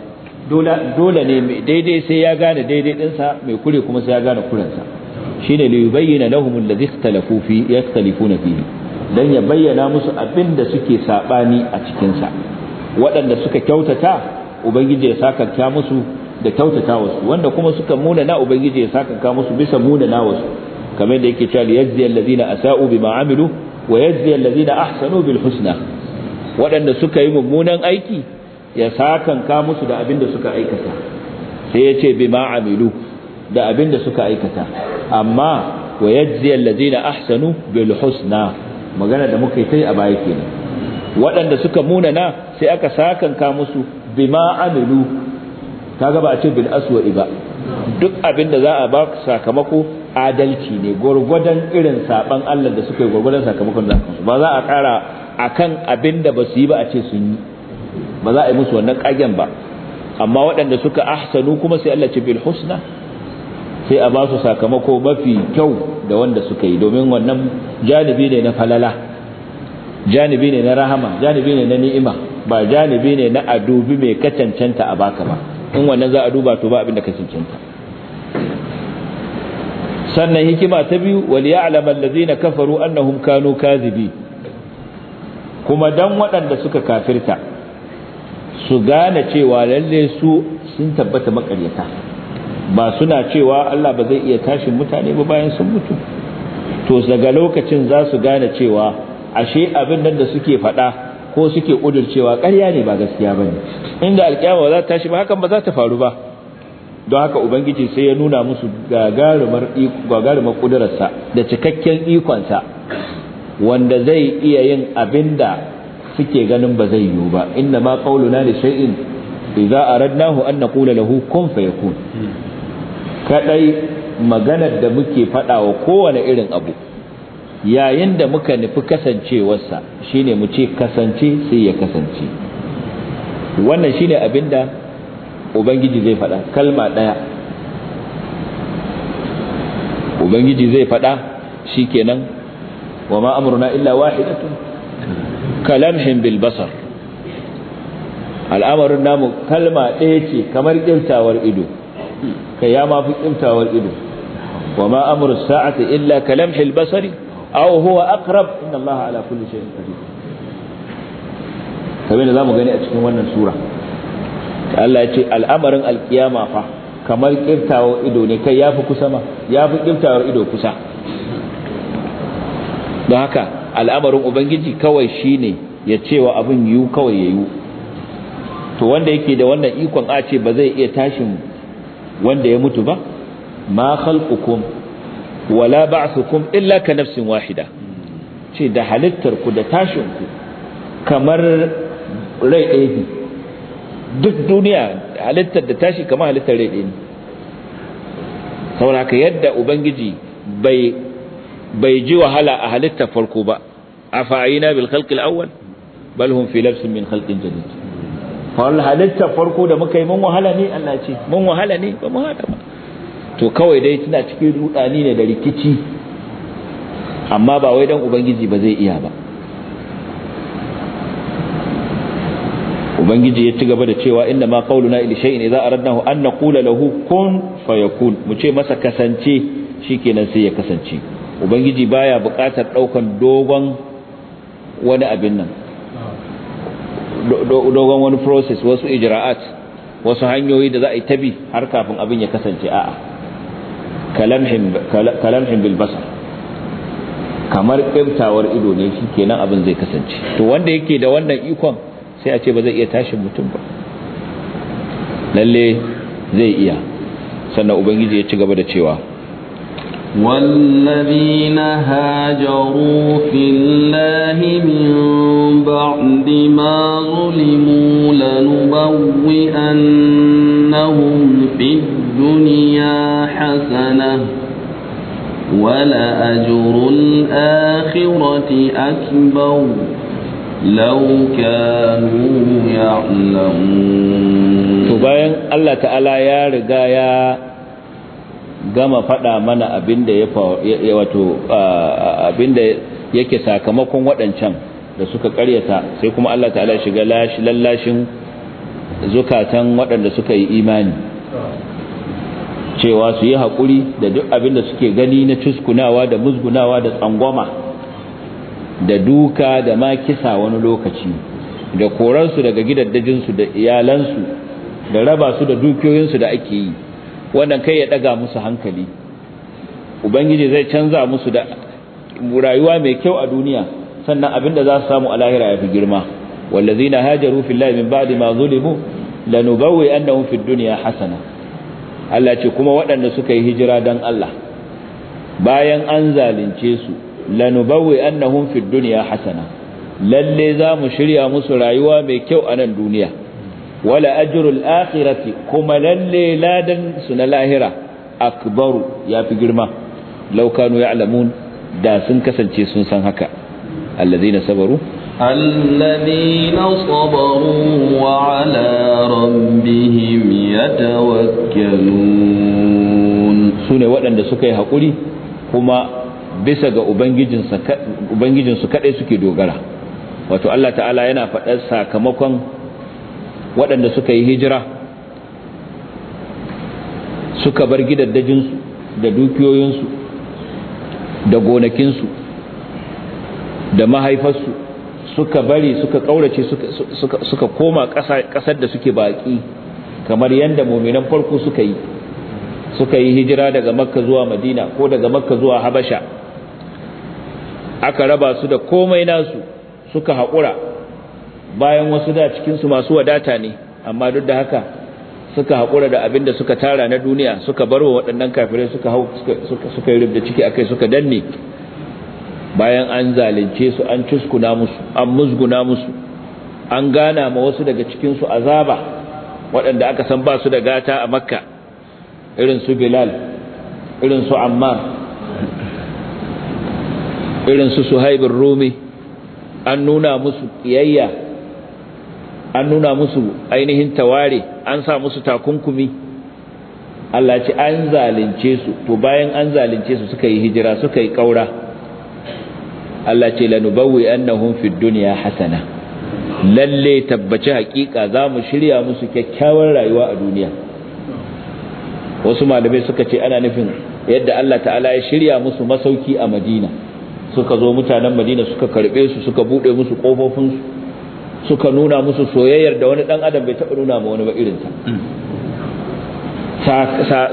dole ne mai daidai sai ya gane daidai dinsa mai kure kuma sai ya gane kurensa shine li na lahum da zai fi yakhtalifuna fihi dan ya bayyana musu abin da suke saɓani a cikinsa. waɗanda suka kyautata ubangiji ya sakanta musu da kyautata wasu wanda kuma suka muna na ubangiji ya sakanta musu bisa muna na wasu kamar da yake cewa yajzi alladhina asa'u bima amilu wa yajzi alladhina ahsanu bil husna waɗanda suka yi mummunan aiki ya sakanka musu da abin da suka aikata sai ya ce bima amilu da abin da suka aikata amma wa yajzi allazina ahsanu bil husna magana da muka yi a baya kenan waɗanda suka munana sai aka sakanka musu bima amilu kaga ba a ce bil aswa'i ba duk abin da za a ba sakamako adalci ne gwargwadon irin saban Allah da suka yi gwargwadon sakamakon da ba za a kara akan abin da ba su yi ba a ce sun yi ba za a yi musu wannan kagen ba amma waɗanda suka ahsanu kuma sai Allah ci bil husna sai a ba su sakamako mafi kyau da wanda suka yi domin wannan janibi ne na falala janibi ne na rahama janibi ne na ni'ima ba janibi ne na adubi mai kacancanta a baka ba in wannan za a duba to ba abin da kacancanta sannan hikima ta biyu wal ya'lam allazina kafaru annahum kanu kazibi kuma dan waɗanda suka kafirta su gane cewa lalle su sun tabbata makaryata ba suna cewa Allah ba zai iya tashin mutane ba bayan sun mutu to daga lokacin za su gane cewa ashe abin nan da suke faɗa ko suke ƙudurcewa ƙarya ne ba gaskiya ba ne inda alƙiyama za ta tashi ba hakan ba za ta faru ba don haka ubangiji sai ya nuna musu gagarumar ƙudurarsa da cikakken ikonsa wanda zai iya yin abinda. suke ganin ba zai yiwu ba inna ma qauluna li shay'in idza aradnahu an naqula lahu kun fayakun kadai maganar da muke fada wa kowane irin abu yayin da muka nufi kasancewarsa shine mu ce kasance sai ya kasance wannan shine abinda ubangiji zai fada kalma daya ubangiji zai fada shikenan wa ma amruna illa wahidatun kalamhin bilbasar al'amarin namu kalma ɗaya ce kamar ƙimtawar ido kai ya mafi ƙimtawar ido wa ma amru sa'ati illa kalamhin basari aw huwa aqrab inna allaha ala kulli shay'in qadir kamar da zamu gani a cikin wannan sura Allah ya ce al'amarin alkiyama fa kamar ƙiftawar ido ne kai yafi kusa ma yafi ƙiftawar ido kusa don haka al'amarin ubangiji kawai shi ne ya cewa abin yiwu kawai ya yiwu to wanda yake da wannan ikon a ce ba zai iya tashin wanda ya mutu ba ma khalqukum wala ba'thukum illa ka nafsin wahida ce da halittar ku da tashin ku kamar rai ɗaya ne duk duniya halittar da tashi kamar halittar rai ɗaya ne saboda yadda ubangiji bai bai ji wahala a halitta farko ba a afa'ina bil khalqi al-awwal bal hum fi labsin min khalqin jadid fa halitta farko da muka yi mun wahala ne Allah ce mun wahala ne ba mu hada ba to kawai dai tana cikin rudani ne da rikici amma ba wai dan ubangiji ba zai iya ba ubangiji ya ci gaba da cewa inna ma qauluna ila shay'in idza aradnahu an naqula lahu kun fayakun mu ce masa kasance shikenan sai ya kasance ubangiji baya buƙatar daukan dogon wani abin nan dogon wani process wasu ijra'at wasu hanyoyi da za a yi tabi har kafin abin ya kasance a'a kalamhin bilbasar kamar ƙirtawar ido ne shi kenan abin zai kasance to wanda yake da wannan ikon sai a ce ba zai iya tashin mutum ba lalle zai iya sannan ubangiji ya ci gaba da cewa والذين هاجروا في الله من بعد ما ظلموا لنبوئنهم في الدنيا حسنة ولأجر الآخرة أكبر لو كانوا يعلمون تبين الله تعالى يا رجايا gama faɗa mana abinda ya wato abinda yake sakamakon waɗancan da suka ƙaryata sai kuma Allah ta'ala shiga lallashin zukatan waɗanda suka yi imani cewa su yi haƙuri da duk abinda suke gani na cuskunawa da musgunawa da tsangwama da duka da ma kisa wani lokaci da koransu daga gidaddajinsu da iyalansu da raba su da dukiyoyinsu da ake yi wannan kai ya daga musu hankali ubangiji zai canza musu da rayuwa mai kyau a duniya sannan abinda za su samu a lahira ya fi girma wallazina hajaru fillahi min ba'di ma zulimu lanubawwi annahum fid dunya hasana Allah ce kuma waɗanda suka yi hijira dan Allah bayan an zalunce su lanubawwi annahum fid dunya hasana lalle za mu shirya musu rayuwa mai kyau a nan duniya wala ajrul akhirati kuma lalle ladan su na lahira akbaru fi girma law ya ya'lamun da sun kasance sun san haka alladhina sabaru na sabaru wa ala rabbihim yatawakkalun sune waɗanda suka yi haƙuri, kuma bisa ga ubangijinsu kaɗai suke dogara wato Allah ta'ala yana faɗar sakamakon waɗanda suka yi hijira suka bar gidaddajinsu da dukiyoyinsu da gonakinsu da mahaifarsu suka bari suka ƙaurace suka koma ƙasar da suke baƙi kamar yadda muminan farko suka yi suka yi hijira daga makka zuwa madina ko daga makka zuwa habasha aka raba su da komai nasu suka haƙura bayan wasu da cikinsu masu wadata ne amma duk da haka suka haƙura da abin da suka tara na duniya suka bar wa waɗannan kafirai suka hau suka yi rubda ciki akai suka danne bayan an zalunce su an cuskuna musu an musguna musu an gana ma wasu daga cikinsu azaba waɗanda aka san ba su da gata a makka irin su bilal irin su ammar irin su suhaibin rumi an nuna musu ƙiyayya an nuna musu ainihin taware an sa musu takunkumi Allah ce an zalunce su to bayan an zalunce su suka yi hijira suka yi kaura Allah ce lanubawwi annahum fid dunya hasana lalle tabbaci hakika zamu shirya musu kyakkyawar rayuwa a duniya wasu malamai suka ce ana nufin yadda Allah ta'ala ya shirya musu masauki a Madina suka zo mutanen Madina suka karbe su suka bude musu kofofin su suka nuna musu soyayyar da wani dan adam bai taɓa nuna ma wani ba irinta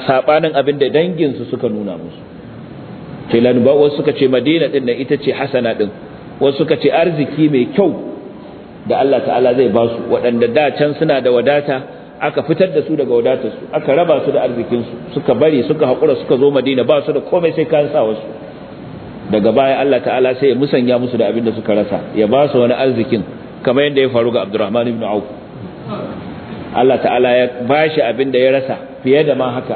saɓanin abin da danginsu suka nuna musu ce lanuba wasu suka ce madina ɗin na ita ce hasana ɗin wasu suka ce arziki mai kyau da Allah ta'ala zai ba su waɗanda da can suna da wadata aka fitar da su daga wadatarsu aka raba su da arzikinsu suka bari suka haƙura suka zo madina ba su da komai sai kayan sa wasu daga baya Allah ta'ala sai ya musanya musu da abin da suka rasa ya ba su wani arzikin kamar yadda ya faru ga abdurrahman ibn auf Allah ta'ala ya bashi abin da ya rasa fiye da ma haka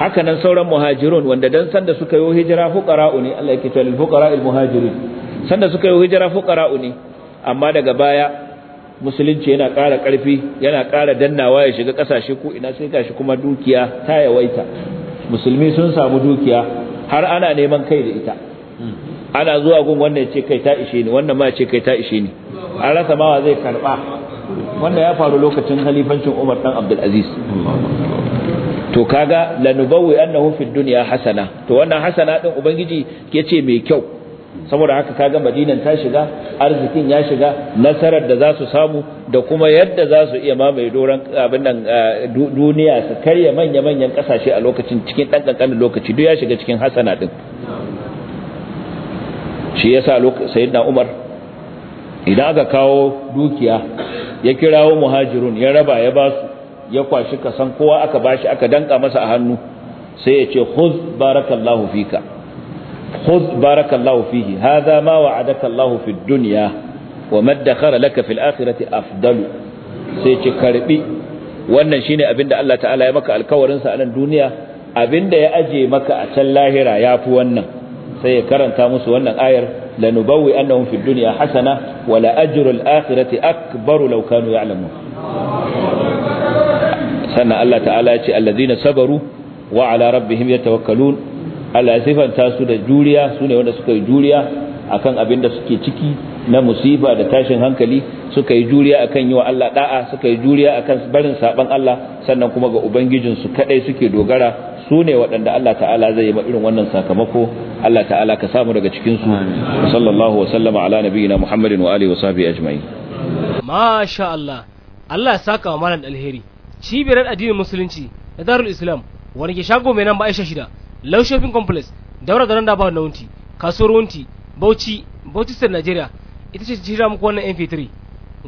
haka nan sauran muhajirun wanda dan sanda suka yi hijira fuqara'u ne Allah yake cewa lil fuqara'il muhajirin sanda suka yi hijira fuqara'u ne amma daga baya musulunci yana ƙara ƙarfi yana ƙara dannawa ya shiga ƙasashe ko ina sai gashi kuma dukiya ta yawaita musulmi sun samu dukiya har ana neman kai da ita ana zuwa gun wannan ce kai ta ishe ni wannan ma ce kai ta ishe ni an rasa mawa zai karba wanda ya faru lokacin halifancin Umar dan Abdul Aziz to kaga lanubawwi annahu fi dunya hasana to wannan hasana din ubangiji ce mai kyau saboda haka kaga madinan ta shiga arzikin ya shiga nasarar da za su samu da kuma yadda za su iya mamaye doran abin nan duniya su karya manya manyan kasashe a lokacin cikin dan kankanin lokaci duk ya shiga cikin hasana din shi yasa sayyidina Umar idan aka kawo dukiya ya kirawo muhajirun ya raba ya ba su ya kwashi kasan kowa aka bashi aka danka masa a hannu sai ya ce khudh barakallahu fika khudh barakallahu fihi hadha ma wa'adaka Allahu fid dunya wa maddakhara laka fil akhirati afdalu sai ce karbi wannan shine abinda Allah ta'ala ya maka alkawarin sa a nan duniya abinda ya aje maka a can lahira yafi wannan sai ya karanta musu wannan ayar lanubawwi annahum fid dunya hasana wa la ajrul akhirati akbaru law kanu ya'lamun sannan Allah ta'ala ya ce allazina sabaru wa ala rabbihim yatawakkalun Allah ya sifanta su da juriya sune wanda suka yi juriya akan abin da suke ciki na musiba da tashin hankali suka yi juriya akan yi wa Allah da'a suka yi juriya akan barin saban Allah sannan kuma ga ubangijin su kadai suke dogara su ne waɗanda Allah ta'ala zai yi ma irin wannan sakamako Allah ta'ala ka samu daga cikin su sallallahu wa sallama ala nabiyina Muhammadin wa alihi wa sahbihi ajma'in masha Allah Allah ya saka wa malam alheri cibiyar addinin musulunci da darul islam wani ke shago mai nan ba aisha shida low shopping complex daura da nan da ba na kasuwar wunti bauchi bauchi state nigeria ita ce jira muku wannan mp3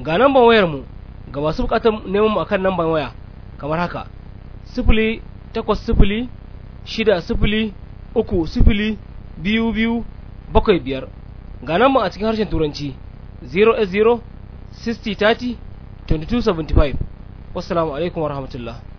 ga namban wayar mu ga masu bukatar neman mu akan namban waya kamar haka sifili sifili shida uku biyar ga namban a cikin harshen turanci 0 0 60 30 22 wassalamu alaikum warahmatullahi